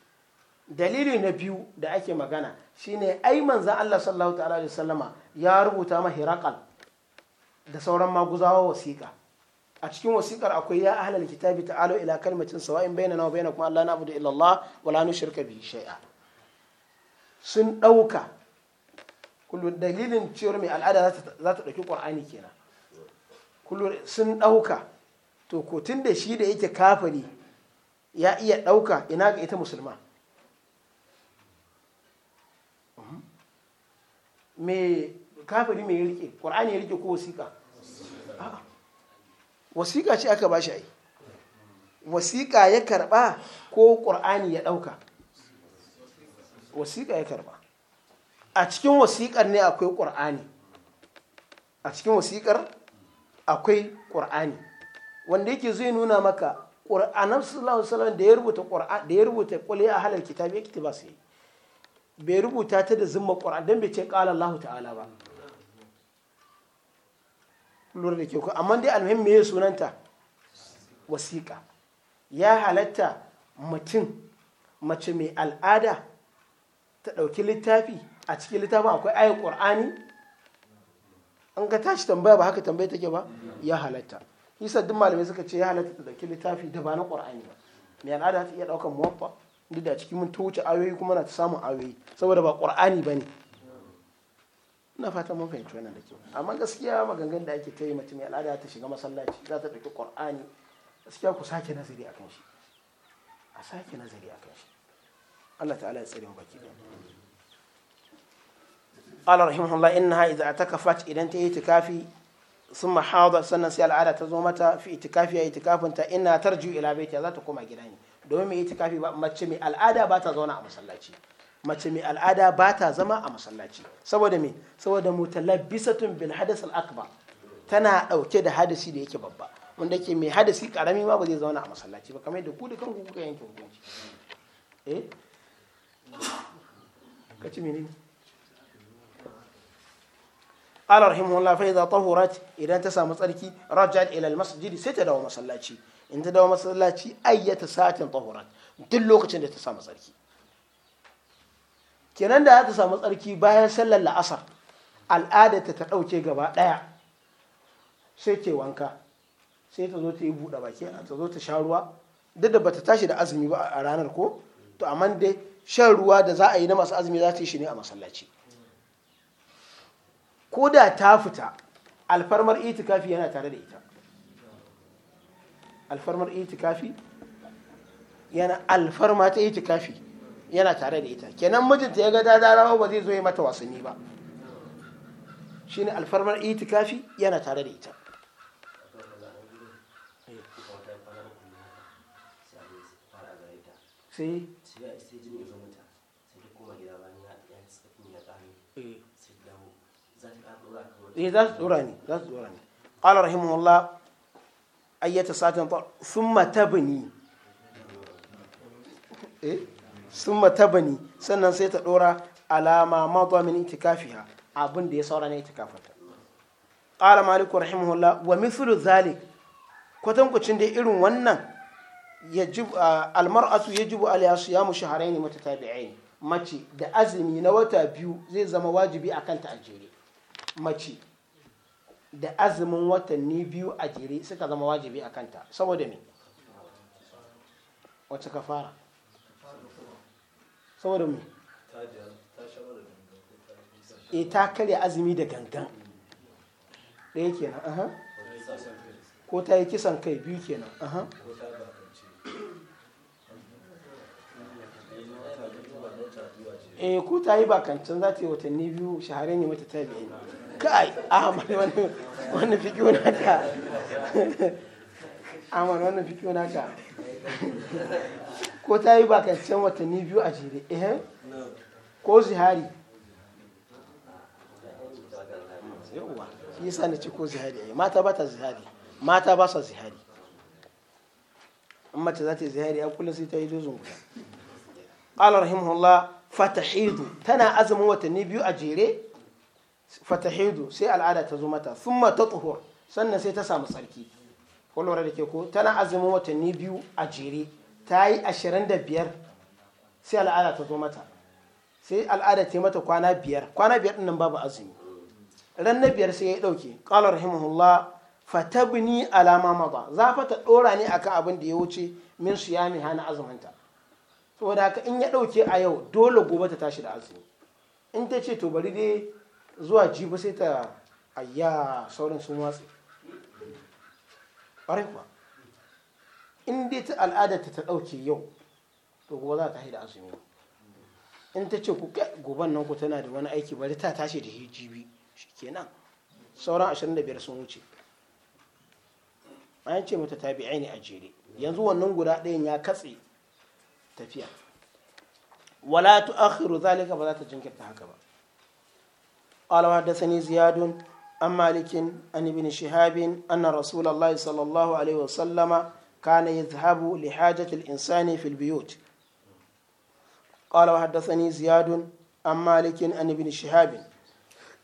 dalili na biyu da ake magana shine ai manzan Allah sallallahu ta'ala ya rubuta ma hirakal da sauran maguzawa wasiƙa a cikin wasiƙar akwai ya ahlal kitabi ta'alu ila kalmatin sawa'in bainana wa bainakum na na'budu illa Allah wa la nushrika bihi shay'a sun dauka kullu dalilin cewar mai al'ada za ta dauki qur'ani kenan kullu sun dauka to ko da shi da yake kafiri ya iya dauka ina ga ita musulma me kafiri me rike qur'ani ya rike ko wasiƙa a'a wasiƙa ce aka ba shi yi, wasiƙa ya karɓa ko ƙur'ani ya ɗauka wasiƙa ya karɓa a cikin wasiƙar ne akwai ƙur'ani a cikin wasiƙar akwai ƙur'ani wanda yake zai nuna maka ƙur'anar sallallahu alaihi da ya rubuta ƙur'an da ya rubuta kulli a halal kitabi yake ba sai bai rubuta ta da zimma ƙur'an dan bai ce qala allahu ta'ala ba lura da ke ku amma dai almuhim me sunanta wasiƙa ya halatta mutum mace mai al'ada ta ɗauki littafi a cikin littafin akwai ayin ƙur'ani an ka tashi tambaya ba haka tambaya take ba ya halatta hisa duk malamai suka ce ya halatta ta ɗauki littafi da ba na ƙur'ani ba mai al'ada ta iya ɗaukar muwaffa duk da cikin mun ta wuce ayoyi kuma na ta samun ayoyi saboda ba ƙur'ani ba ne ina fatan mun fahimci wannan da kyau amma gaskiya maganganun da ake tayi mutum ya lada ta shiga masallaci za ta dauki qur'ani gaskiya ku sake nazari akan shi a sake nazari akan shi Allah ta'ala ya tsare mu baki da Allah rahimahullah innaha idza atakafat idan ta yi itikafi summa hadar sannan sai al'ada ta zo mata fi itikafi ya itikafin ta ina tarju ila baiti za ta koma gida ne domin mai itikafi ba mace mai al'ada ba ta zauna a masallaci mace mai al'ada ba ta zama a masallaci saboda me saboda mutalabbisatun bil hadas al akbar tana dauke da hadasi da yake babba wanda ke mai hadasi karami ma ba zai zauna a masallaci ba kamar da ku da kanku kuka yanke hukunci eh kace menene قال رحمه الله فإذا طهرت إذا أنت سام تسلكي رجعت إلى المسجد ستداوم مسلاتي إن تداوم مسلاتي أي ساعة طهرت duk lokacin da ta samu tsarki kenan da za ta samu tsarki bayan sallar la'asar al'ada ta ɗauke gaba ɗaya sai ke wanka sai ta zo ta yi buɗe baki ta zo ta sha ruwa duk da bata tashi da azumi ba a ranar ko to amma dai shan ruwa da za a yi na masu azumi za ta yi shi ne a masallaci ko da ta fita alfarmar itikafi yana tare da ita alfarmar itikafi yana alfarma ta itikafi yana tare da ita kenan mijinta ya ga dada dadarawa ba zai zo ya mata wasanni ba shi shine alfarmar itikafi yana tare da ita sai eh, za su dora ne za su dora ne ƙalar rahimahullah ayyata satin sun matabini eh sun bani sannan sai ta ɗora alama mazuwa min itikafiha abin da ya saura na itikafata ƙara maliku rahimahullah wa mithlu zalik kwatankwacin da irin wannan almar'atu ya jibu aliyasu ya mushi harai ne mata tabi'ai mace da azumi na wata biyu zai zama wajibi a kanta a jere mace da azumin watanni biyu a jere suka zama wajibi a kanta saboda me wacce ka fara saboda mu e eh, ta karya azumi da gangan ɗaya kenan aha ko ta yi kisan kai biyu kenan aha e ko ta yi bakancin za ta yi watanni biyu shahare ne mata ta biyu kai wani wannan fikiyo naka wani wannan fikiyo naka ko ta yi bakancen watanni biyu a jere ehem ko zihari yawwa shi yasa na ce ko zihari ai eh, mata ba ta zihari mata ba sa zihari amma ta za ta yi zihari a kullum sai ta yi dozin guda qala rahimahullah fatahidu tana azumin watanni biyu a jere fatahidu sai al'ada ta zo mata ta tatuhur sannan sai ta samu tsarki ko lura da ke ko tana azumin watanni biyu a jere ta yi ashirin da biyar sai al'ada ta zo mata sai al'ada ta yi mata kwana biyar kwana biyar ɗin nan babu azumi ran na biyar sai ya yi ɗauke ƙalar rahimahullah fatabni alama ba za fa ta ɗora ne akan abin da ya wuce min su ya mi hana azumanta saboda haka in ya ɗauke a yau dole gobe ta tashi da azumi in ta ce to bari dai zuwa jibi sai ta ayya saurin sun watsi ƙwarai kuwa in dai ta al'adar ta ɗauke yau to gobe za ta haida azumi in ta ce ku goban nan ku tana da wani aiki bari ta tashi da hijibi kenan sauran 25 sun wuce an ce mata bi aini a jere yanzu wannan guda ɗayan ya katse tafiya wala akhiru zalika ba za ta jinkirta haka ba qala hadathani ziyadun an malikin an ibn shihabin anna rasulullahi sallallahu alaihi wasallama كان يذهب لحاجة الإنسان في البيوت قال ziyadun زياد عن مالك عن ابن شهاب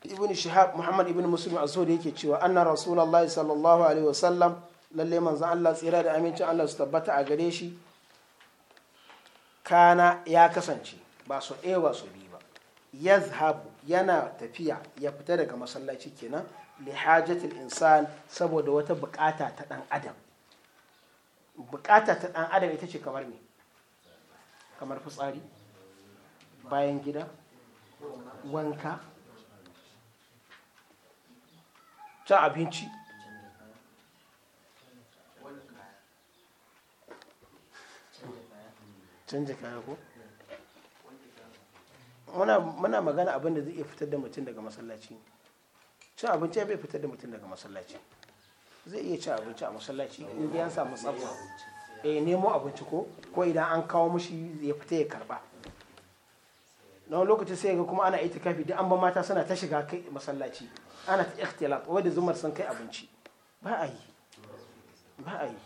ابن شهاب محمد ابن مسلم الزهري yake cewa ana rasulullahi sallallahu alaihi wasallam lalle manzon Allah tsira da amincin Allah su tabbata a gare shi kana ya kasance ba su ɗaya ba so biyu ba yazhabu yana tafiya ya fita daga masallaci kenan li hajatil saboda wata bukata ta dan adam bukata ta dan adam ita ce kamar ne kamar fitsari bayan gida wanka ta abinci canja kaya ko muna magana abinda zai iya fitar da mutum daga masallaci cin abinci ya bai fitar da mutum daga masallaci zai iya ci abinci a masallaci in ya samu tsafta eh nemo abinci ko ko idan an kawo mushi ya fita ya karba na wani lokaci sai ga kuma ana kafi duk an ba mata suna ta shiga kai masallaci ana ta ikhtilat wai da zumar sun kai abinci ba a yi ba a yi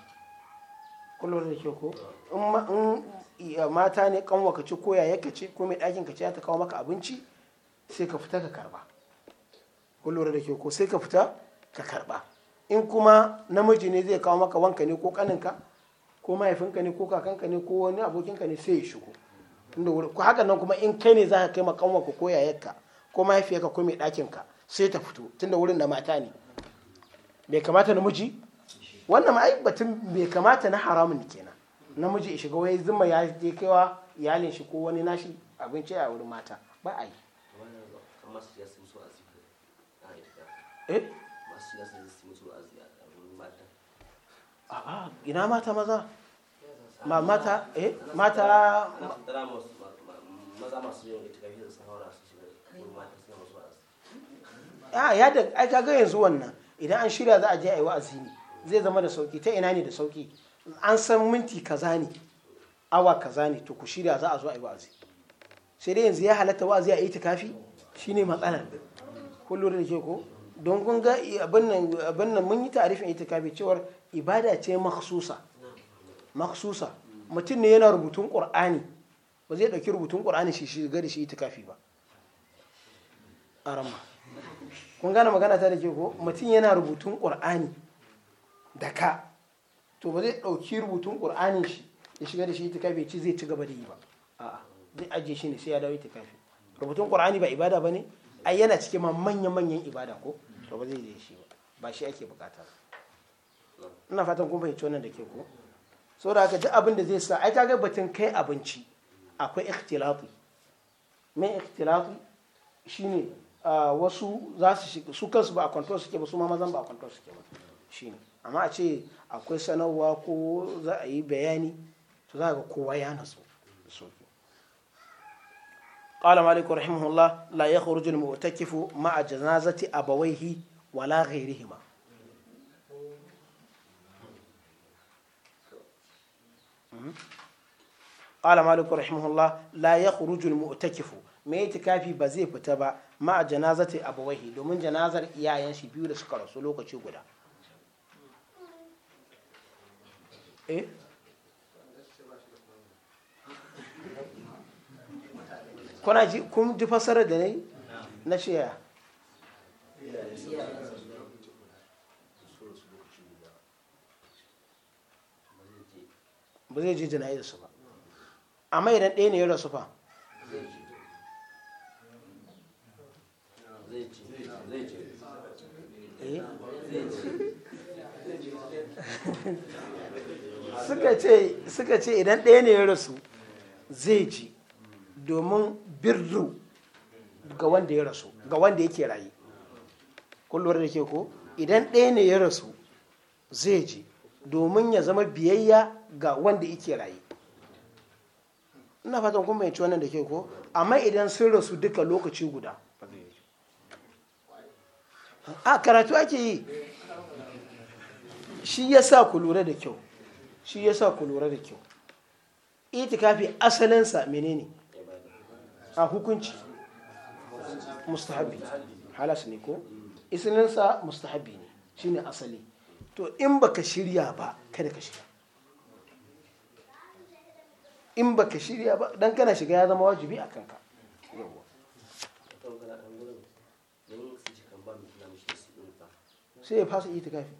kullum da ke ko in mata ne kanwa ka ci ko ya ka ce ko mai ɗakin ka ce ya ta kawo maka abinci sai ka fita ka karba kullum da ke ko sai ka fita ka karba in kuma namiji ne zai kawo maka wanka ne ko kaninka ko mahaifinka ne ko kakanka ne ko wani abokinka ne sai ya shigo inda wuri ko haka nan kuma in kai ne za ka kai makanwarka ko yayarka ko mahaifiyarka ko mai ɗakinka sai ta fito tunda wurin da mata ne bai kamata namiji wannan ma batun bai kamata na haramun kenan namiji ya shiga wai zuma ya je kaiwa iyalin shi ko wani nashi abinci a wurin mata ba a yi Ah, ina mata maza ma mata eh mata a ya da ai ga yanzu wannan idan an shirya za a je a yi wa'azi ne zai zama da sauki ta ina ne da sauki an san minti kaza ne awa kaza ne to ku shirya za a zo a yi wa'azi sai dai yanzu ya halatta wa'azi a yi ta kafi shine matsalar kullum da ke ko don kun ga abin nan mun yi tarifin ita kafi cewar ibada ce makhsusa makhsusa mutum ne yana rubutun ƙur'ani ba zai ɗauki rubutun ƙur'ani shi shiga da shi itikafi ba rama kun gane magana ta da ke ko mutum yana rubutun ƙur'ani da ka to ba zai ɗauki rubutun ƙur'ani shi ya shiga da shi itikafi ci zai ci gaba da yi ba a'a zai ajiye shi ne sai ya dawo itikafi rubutun ƙur'ani ba ibada ne ai yana cikin manyan manyan ibada ko to ba zai yi shi ba ba shi ake bukata ba ina fatan kun fahimci wannan da ke ko saboda abin da zai sa ai kaga batun kai abinci akwai ikhtilati mai ikhtilati shine wasu za su su kansu ba a kwanto suke ba su ma mazan ba a kwanto suke ba shine amma a ce akwai sanarwa ko za a yi bayani to za ga kowa ya nasu قال مالك رحمه الله لا يخرج المعتكف مع جنازة أبويه ولا غيرهما qala malik rahimahullah la yakhruju almu'takifu mai itikafi ba zai fita ba ma janazati wahi domin janazar iyayen shi biyu da suka rasu lokaci guda eh? kuna ji kun ji fasarar da ne na shiya ba zai da jana'izarsu ba amma idan ɗaya ne ya rasu fa eh? suka ce idan ɗaya ne ya rasu zai ji domin birru ga wanda ya rasu ga wanda yake rayu kullum da ke ko idan ɗaya ne ya rasu zai ji domin ya zama biyayya ga wanda yake raye ina fatan kuma ya ci wannan da ke ko amma idan sun rasu duka lokaci guda a karatu ake yi shi ya sa ku lura da kyau shi ya sa ku lura da kyau kafi asalinsa menene a hukunci mustahabi halas ne ko isalinsa mustahabi ne shine asali to in baka shirya ba kada ka shiga in baka shirya ba dan kana shiga ya zama wajibi a kanka sai ya fasa kafi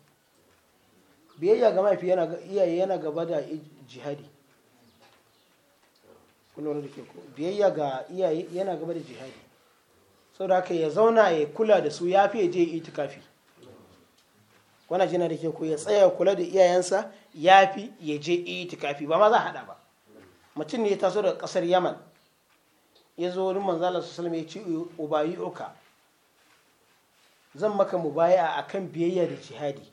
biyayya ga mafi iyaye yana gaba da jihadi kullum da ke biyayya ga iyaye yana gaba da jihadi da haka ya zauna ya kula da su ya fi je kafi. wana jina da ke ko ya tsaya kula da iyayensa ya fi ya je itikafi ba ma za a hada ba mutum ne ya taso daga kasar yaman ya zo wani manzala su salama ya ce ubayi uka zan maka baya a kan biyayya da jihadi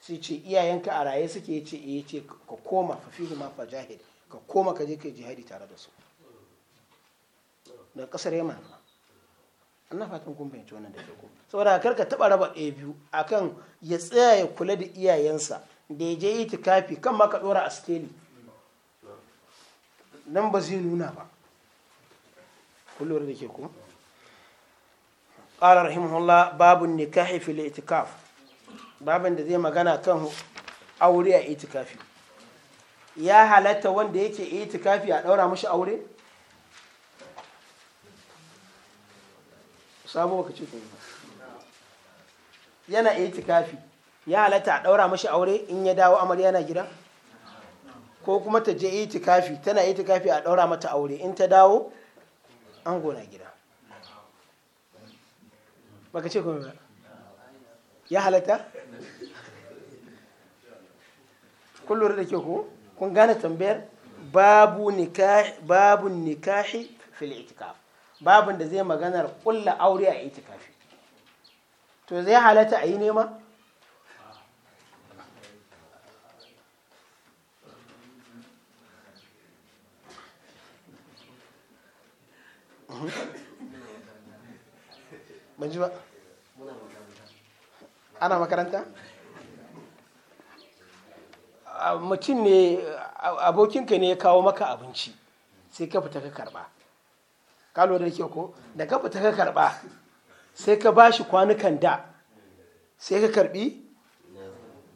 sai ce iyayenka a raye suke ya ce eh, ya ce ka koma fa fi zuma fa jahid ka koma ka je ka jihadi tare da su daga ƙasar yaman ina fatan kun fahimci wannan da ke saboda kar ka taba raba ɗaya biyu akan ya tsaya ya kula da iyayensa da ya je yi itikafi kan ma ka dora a steli nan ba zai nuna ba kullum da ke ko قال رحمه الله باب النكاح في الاعتكاف باب da zai magana kan aure a itikafi ya halatta wanda yake itikafi a daura mashi aure sabo ka ce kuma yana itikafi ya halatta a daura mashi aure in ya dawo amarya yana gida ko kuma ta je itikafi tana itikafi a daura mata aure in ta dawo an gona gida baka ce kuma ba ya halatta kullum da ke ko kun gane tambayar babu nikahi fil itikafi babin da zai maganar ƙulla aure a itikafi to zai halata a yi nema manji ba ana makaranta ah, mutum ne abokinka ne ya kawo maka abinci sai ka fita ka karba ka da ke ko da ka fita ka karba sai ka ba shi kwanukan da sai ka karbi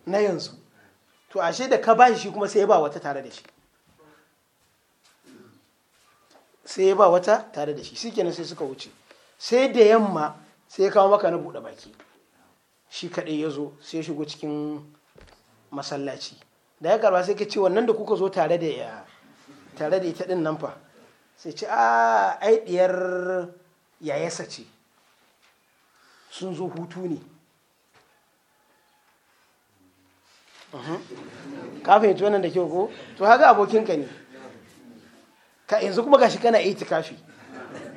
na yanzu to ashe da ka ba shi kuma sai ya ba wata tare da shi sai ya ba wata tare da shi sai suka wuce sai da yamma sai ya kawo maka na buɗe baki shi kaɗai ya zo sai ya shigo cikin masallaci da ya karba sai ka ce wannan da kuka zo tare da tare da ita ɗin nan fa sai ce a ah, aibiyar yayasa ce sun zo hutu ne mhm. kafin yanzu wannan da ke ko to haka abokinka ne ka yanzu kuma gashi kana kafi.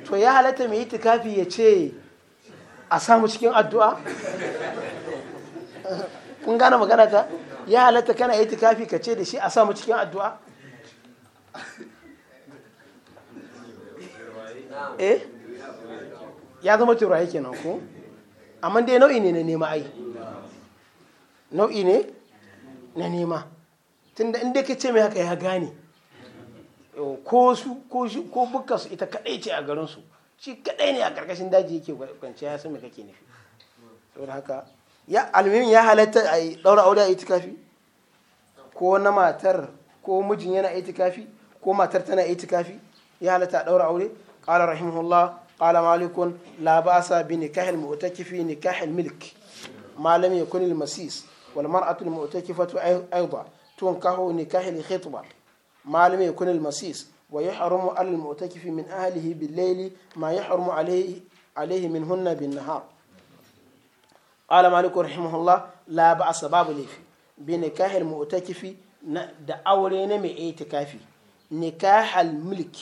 to ya halatta mai kafi ya ce a samu cikin addu'a kun gane magana ta ya halatta kana kafi ka ce da shi a samu cikin addu'a eh ya zama turaye kenan ko amma dai nau'i ne na nema ai nau'i ne na nema tunda inda ka ce mai haka ya gane ko su ko bukka su ita kadai ce a garin su shi kadai ne a karkashin daji yake kwance ya san me kake nufi saboda haka ya almin ya halatta a daura aure a itikafi ko na matar ko mijin yana itikafi ko matar tana itikafi ya halatta a daura aure قال رحمه الله قال مالك لا بأس بنكاح المؤتكف نكاح الملك ما لم يكن المسيس والمرأة المؤتكفة أيضا تنكح نكاح الخطبة ما لم يكن المسيس ويحرم على المؤتكف من أهله بالليل ما يحرم عليه عليه منهن بالنهار قال مالك رحمه الله لا بأس باب ليفي بنكاح المؤتكف da aure na mai itikafi الملك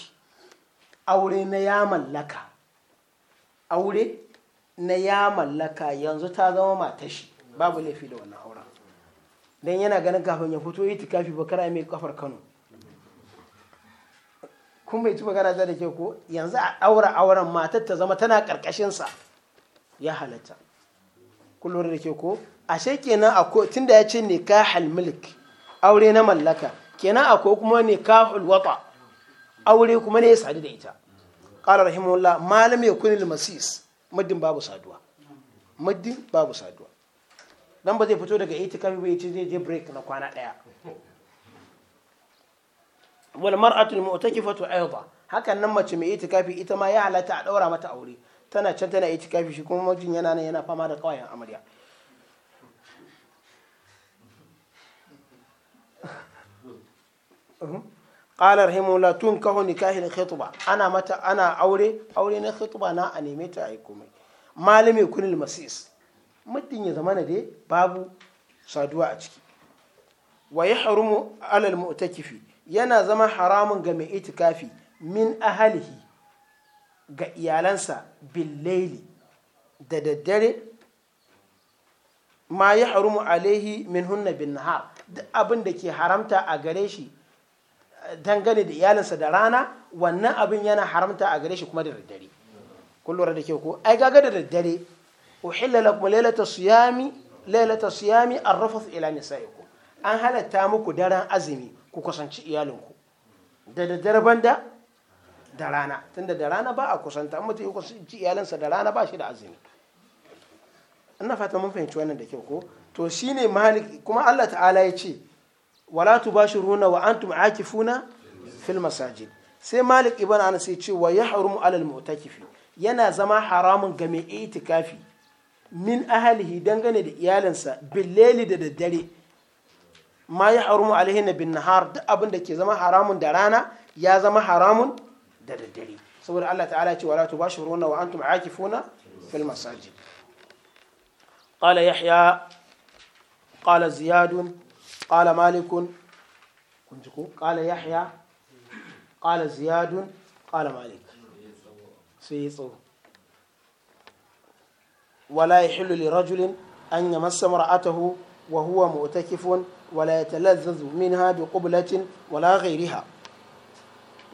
aure na ya mallaka aure na ya mallaka yanzu ta zama matashi babu laifi da wannan auren don yana ganin kafin ya fito yi tikafi bakara mai kafar kano kun bai ci magana da ke ko yanzu a ɗaura auren matar ta zama tana karkashinsa ya halatta kullum da ke ko ashe kenan tun da ya ce ne nikahal mulk aure na mallaka kenan akwai kuma ne ka wata aure kuma ne ya sadu da ita qala rahimahullah malam ya al masis muddin babu saduwa muddin babu saduwa dan ba zai fito daga kan ba yace zai je break na kwana daya wal mar'atu al mu'takifatu ba. hakan nan mace mai itikafi ita ma ya halatta a daura mata aure tana can tana itikafi shi kuma mijin yana nan yana fama da kawayen amarya [LAUGHS] uh -huh. qala rahimahullah tunkahu nikahin khitba ana mata ana aure aure na khitba na a neme ta ai komai malami kunil masis muddin ya zama dai babu saduwa a ciki wa yahrumu alal mu'takifi yana zama haramun ga mai itikafi min ahalihi ga iyalansa billaili da daddare ma ya harumu alaihi min hunna bin nahar duk abin da ke haramta a gare shi dangane da iyalinsa da rana wannan abin yana haramta a gare shi kuma da daddare kun da ke ko ai gaga da daddare uhilla lakum laylata siyami laylata siyami arrafath ila nisaikum an halatta muku daren azumi ku kusanci iyalinku da daddare banda da rana tunda da rana ba a kusanta mutum ku kusanci iyalinsa da rana ba shi da azumi ina fata mun fahimci wannan da kyau ko to shine malik kuma Allah ta'ala ya ce wala tubashiruna wa antum akifuna fil masajid sai malik ibn anas ya ce wa yahrumu alal mu'takifi yana zama haramun ga mai itikafi min ahalihi dangane da iyalinsa billeli da daddare ma ya harumu alaihi bin nahar duk abin da ke zama haramun da rana ya zama haramun da daddare saboda Allah ta'ala ce wala tubashiruna wa antum aakifuna fil masajid qala yahya qala ziyadun قال مالك قال يحيى قال زياد قال مالك سيصو ولا يحل لرجل أن يمس امرأته وهو مؤتكف ولا يتلذذ منها بقبلة ولا غيرها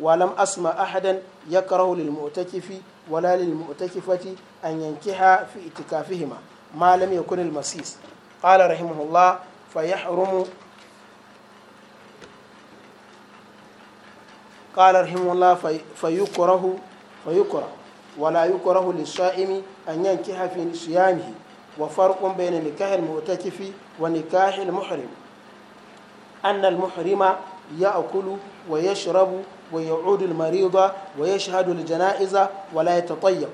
ولم أسمع أحدا يكره للمؤتكف ولا للمؤتكفة أن ينكح في اتكافهما ما لم يكن المسيس قال رحمه الله فيحرم قال رحمه الله في فيكره فيكره ولا يكره للصائم أن ينكح في صيامه وفرق بين نكاح المعتكف ونكاح المحرم أن المحرم يأكل ويشرب ويعود المريض ويشهد الجنائز ولا يتطيب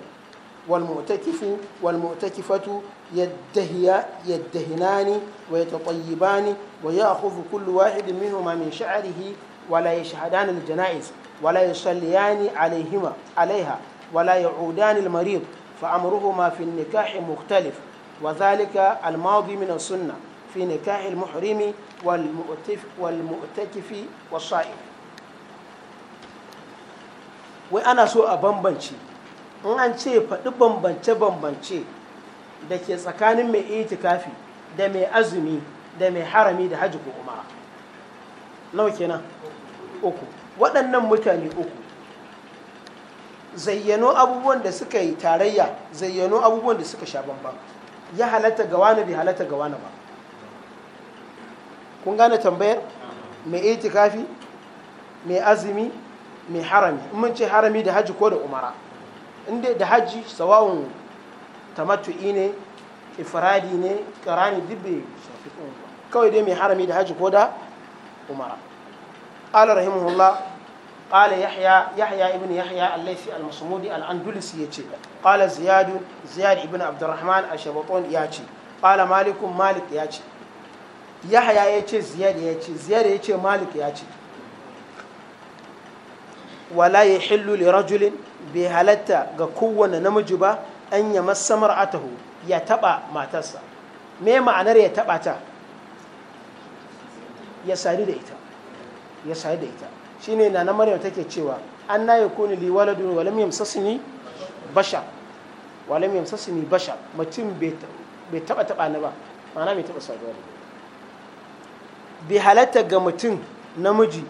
والمعتكف والمعتكفة يدهيا يدهنان ويتطيبان ويأخذ كل واحد منهما من شعره ولا يشهدان الجنائز ولا يصليان عليهما عليها ولا يعودان المريض فأمرهما في النكاح مختلف وذلك الماضي من السنة في نكاح المحرم والمؤتف والمؤتكف والصائم وأنا سوء بمبنشي in an ce faɗi bambance-bambance da ke tsakanin mai itikafi da mai azumi da mai harami da hajji ko umara nau kenan uku waɗannan mutane uku zayyano abubuwan da suka yi tarayya zayyano abubuwan da suka sha bamban ya halatta ga wani bai halatta ga wani ba kun gane tambayar mai itikafi mai azumi mai harami in mun ce harami da haji ko da umara inda da haji sawawun tamattu'i ne ifradi ne karani dibbe kawai dai mai harami da haji ko da umara قال رحمه الله قال يحيى يحيى ابن يحيى الليثي المصمودي الاندلسي يتي قال زياد زياد ابن عبد الرحمن الشبطون ياتي قال مالك مالك ياتي يحيى يتي زياد يتي زياد يتي مالك ياتي ولا يحل لرجل بهلتا قوة نمجبا ان يمس مرأته يتبع ما تسا ما معنى يتبع تا يساري لإتا ya sayi da ita shine na na maryam take cewa an na yakuni li waladun wa lam yamsasni bashar wa lam yamsasni bashar mutum bai taba taba ni ba ma'ana bai taba saduwa da bi halatta ga mutum namiji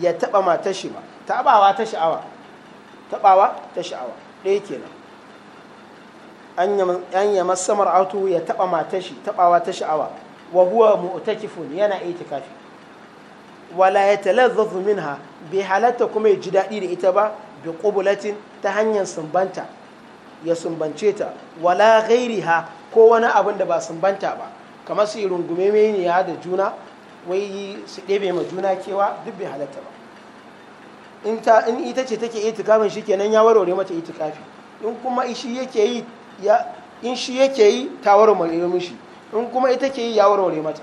ya taba matar shi ba tabawa ta sha'awa tabawa ta sha'awa ɗaya kenan an yi masamar autu ya taba matar shi tabawa ta sha'awa wa huwa mu'takifun yana itikafi wala ya talazzazu minha bai halatta kuma ya ji daɗi da ita ba bi qubulatin ta hanyar sumbanta ya sumbance ta wala ghairiha ko wani abin da ba sumbanta ba kamar su rungume ne ya da juna wai su ɗebe ma juna kewa duk bai halatta ba in ta in ita ce take itikafin shi kenan ya warware mata itikafi in kuma shi yake yi ya in shi yake yi ta warware mishi in kuma ita ke yi ya warware mata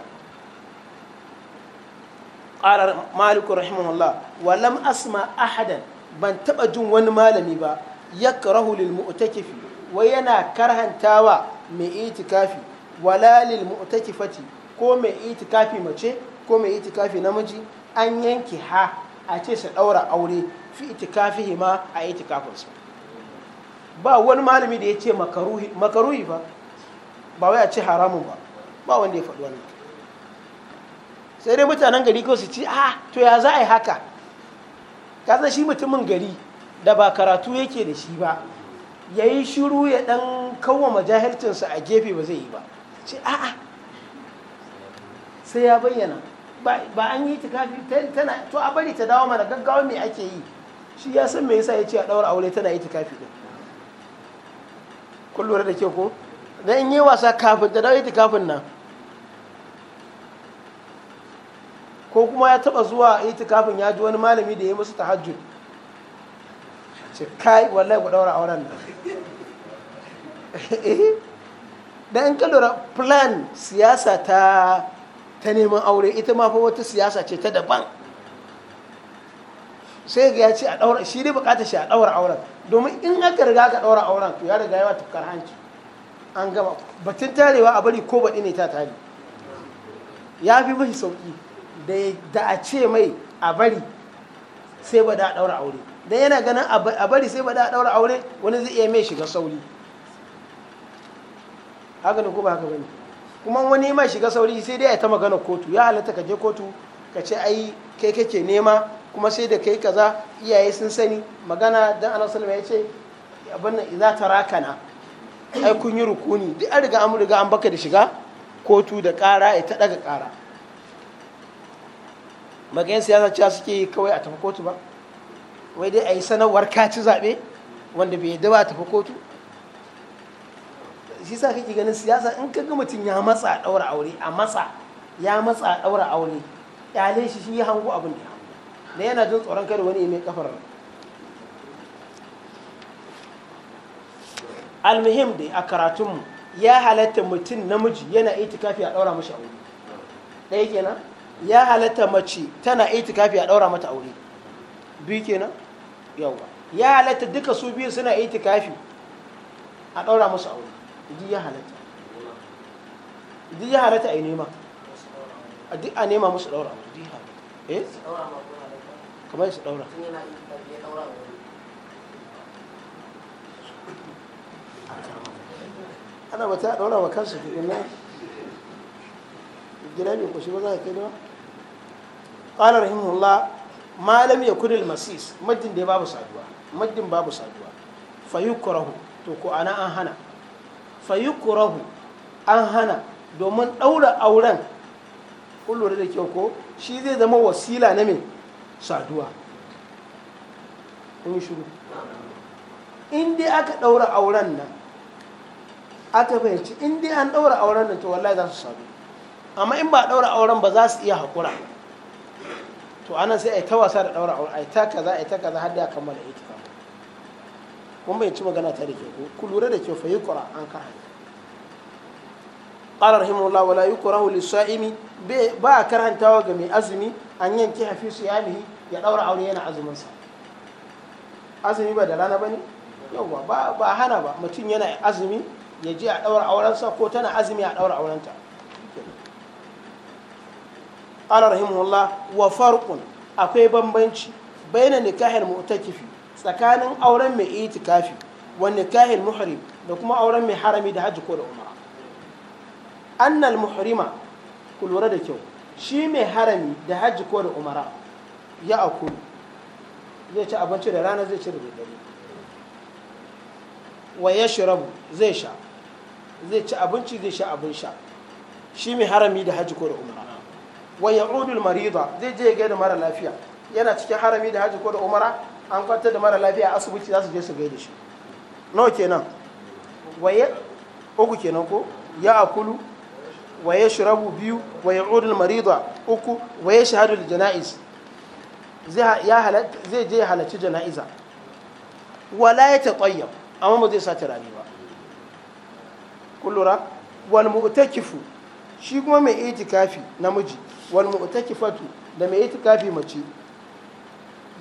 qala maliku rahimahullah wa asma ahadan ban taba jin wani malami ba yakrahu lil mu'takifi wai yana karhantawa mai itikafi wala lil mu'takifati ko mai itikafi mace ko mai itikafi namiji an yanke ha a ce su daura aure fi itikafihi ma a itikafinsu ba wani malami da ya ce makaruhi ba ba wai a ce haramun ba ba wanda ya faɗi wannan sai dai mutanen gari ko su ci a ah, to ya za a yi haka ka san shi mutumin gari da ba karatu yake da shi ba ya yi shiru ya dan kawo jahilcinsa a gefe ba zai yi ba ce a'a sai ya bayyana ba an yi tukafi tana to a bari ta dawo mana gaggawa me ake yi shi ya san me yasa ya ce a daura aure tana yi tukafi din kun lura da ke ko dan yi wasa kafin ta dawo yi tukafin nan ko kuma ya taba zuwa itikafin ya ji wani malami da ya musu tahajjud ce kai wallahi ku daura auren nan [LAUGHS] eh? da in ka lura plan siyasa ta ta neman aure ita ma fa wata siyasa ce ta daban sai ga ya ce a daura shi ne bukatar shi a daura auren domin in aka riga ka daura auren to ya riga yawa tukar hanci an gama batun tarewa a bari ko baɗi ne ta tare ya fi mahi sauƙi da a ce mai a bari sai ba da daura aure dan yana ganin a bari sai ba da daura aure wani zai iya mai shiga sauri haka ne ko ba haka bane kuma wani mai shiga sauri sai dai ya ta magana kotu ya halatta ka je kotu ka ce ai kai kake nema kuma sai da kai kaza iyaye sun sani magana dan annabi sallallahu ya ce abin nan idza tarakana ai kun yi rukuni duk an riga an riga an baka da shiga kotu da kara ta daga kara magayin siyasa cewa suke yi kawai a tafi kotu ba wai dai a yi sanarwar kaci zaɓe wanda bai yadda ba a tafi kotu shi sa kake ganin siyasa in ka ga mutum ya matsa a ɗaura aure a matsa ya matsa a ɗaura aure ƙyale shi shi ya hango abin da da yana jin tsoron kada wani mai kafar almuhim dai a karatunmu ya halatta mutum namiji yana itikafi a ɗaura mashi aure ɗaya kenan ya halatta mace tana itikafi a daura mata aure biyu kenan yawa ya halatta duka su biyu suna itikafi a daura musu aure duk ya halatta duk ya halatta a nema a duk a nema musu daura aure halatta eh kamar su daura ana ba ta wa kansu kuɗi gida bai koshi ba za ka kai da ba qala rahimahullah ma lam yakun al masis maddin da babu saduwa maddin babu saduwa fa yukrahu to ko ana an hana fa yukrahu an hana domin daura auren kun lura da kyau ko shi zai zama wasila na mai saduwa kun shiru in dai aka daura auren nan aka fahimci in dai an daura auren nan to wallahi za su sadu amma in ba a daura auren ba za su iya haƙura to ana sai a yi ta wasa da daura auren a yi ta kaza a yi ta kaza har da kammala itika kun bai ci magana ta da ku lura da ke fa yi ƙura an kara ƙara rahimahullah wala yi ƙura wuli sa'imi ba a karantawa ga mai azumi an yanke hafi su ya ya daura aure yana azuminsa azumi ba da rana ba ne yauwa ba hana ba mutum yana azumi ya je a daura aurensa ko tana azumi a ɗaura aurenta qala rahimahullah wa farqun akwai bambanci baina nikahil mu'takifi tsakanin auren mai itikafi wa nikahil muhrim da kuma auren mai harami da hajji ko da umara annal muhrima ku lura da kyau shi mai harami da hajji ko da umara ya akulu zai ci abinci da rana zai ci da dare wa ya shirabu zai sha zai ci abinci zai sha abin sha shi mai harami da hajji ko da umara wa ya'udul marida zai je gaida mara lafiya yana cikin harami da haji ko da umara an kwantar da mara lafiya asibiti za su je su gaida shi nawa kenan waye uku kenan ko ya akulu waye shirabu biyu waye udul marida uku waye da jana'iz zai je halarci jana'iza wala ya taɓayyam amma ba zai sa turare ba kullura wal mu'takifu shi kuma mai itikafi namiji wal fatu da mai itikafi mace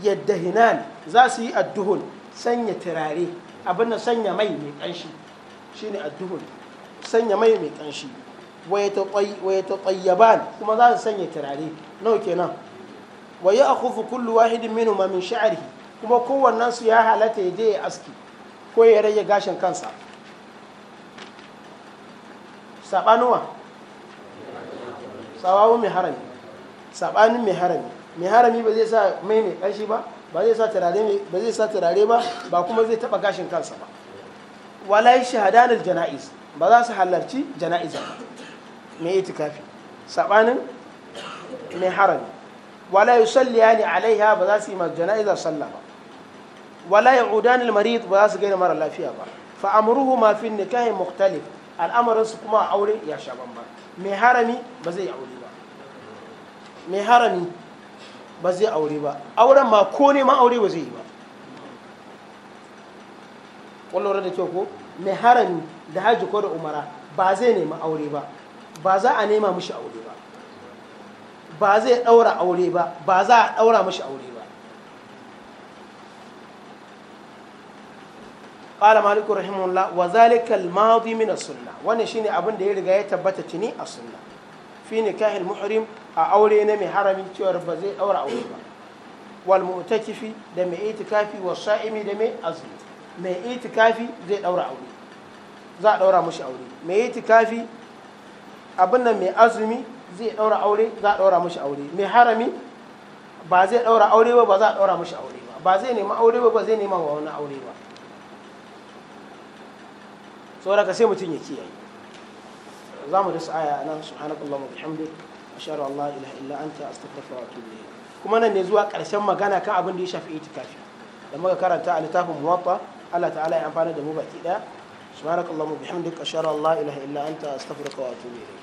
yadda hinan za su yi addu'un sanya turare abin da sanya mai mai kanshi ne addu'un sanya mai mai kanshi waya taqayyaban kuma za su sanya turare nawa kenan wa ya'khudhu kullu wahidin minhum min sha'ari kuma kowannen su ya halata ya je ya aski ko ya rage gashin kansa sabanuwa tsawawo mai harami sabanin mai harami mai harami ba zai sa mai mai ƙarshi ba ba zai sa turare ba ba kuma zai taɓa gashin kansa ba wala shahadanar jana'iz ba za su halarci jana'iza ba mai kafi sabanin mai harami wala yusalliyani alaiha ba za su yi jana'iza sallah ba wala ya'udanil marid ba za su gaida mara lafiya ba fa amruhu ma fi nikahi mukhtalif al'amarin su kuma aure ya sha bamban mai harami ba zai aure mai harami ba zai aure ba auren ma ko neman aure ba zai yi ba kwallon da kyau ko mai harami da haji ko da umara ba zai nema aure ba ba za a nema mishi aure ba ba zai ɗaura aure ba ba za a ɗaura mishi aure ba ƙala rahimun la wa zalikal al-madi min as wannan shine abin da ya riga ya tabbata tuni a sunna fi nikahil muhrim a aure na mai harami cewar ba zai aura aure ba wal mu'takifi da mai itikafi wa sa'imi da mai azumi mai itikafi zai daura aure za a daura mushi aure mai itikafi abin nan mai azumi zai daura aure za a daura mushi aure mai harami ba zai daura aure ba ba za a daura mushi aure ba ba zai aure ba ba zai wani aure ba saboda ka sai mutum ya kiyaye za mu dasa aya nan su hana kullum wa bihamdik ashhadu an la ilaha illa ta astaghfiruka wa tuli kuma nan ne zuwa karshen magana kan abin da ya shafi itikafi da muka karanta a littafin muwatta Allah ta'ala ya amfana da mu baki daya subhanakallahumma bihamdika ashhadu an la ilaha illa anta astaghfiruka wa atubu ilayk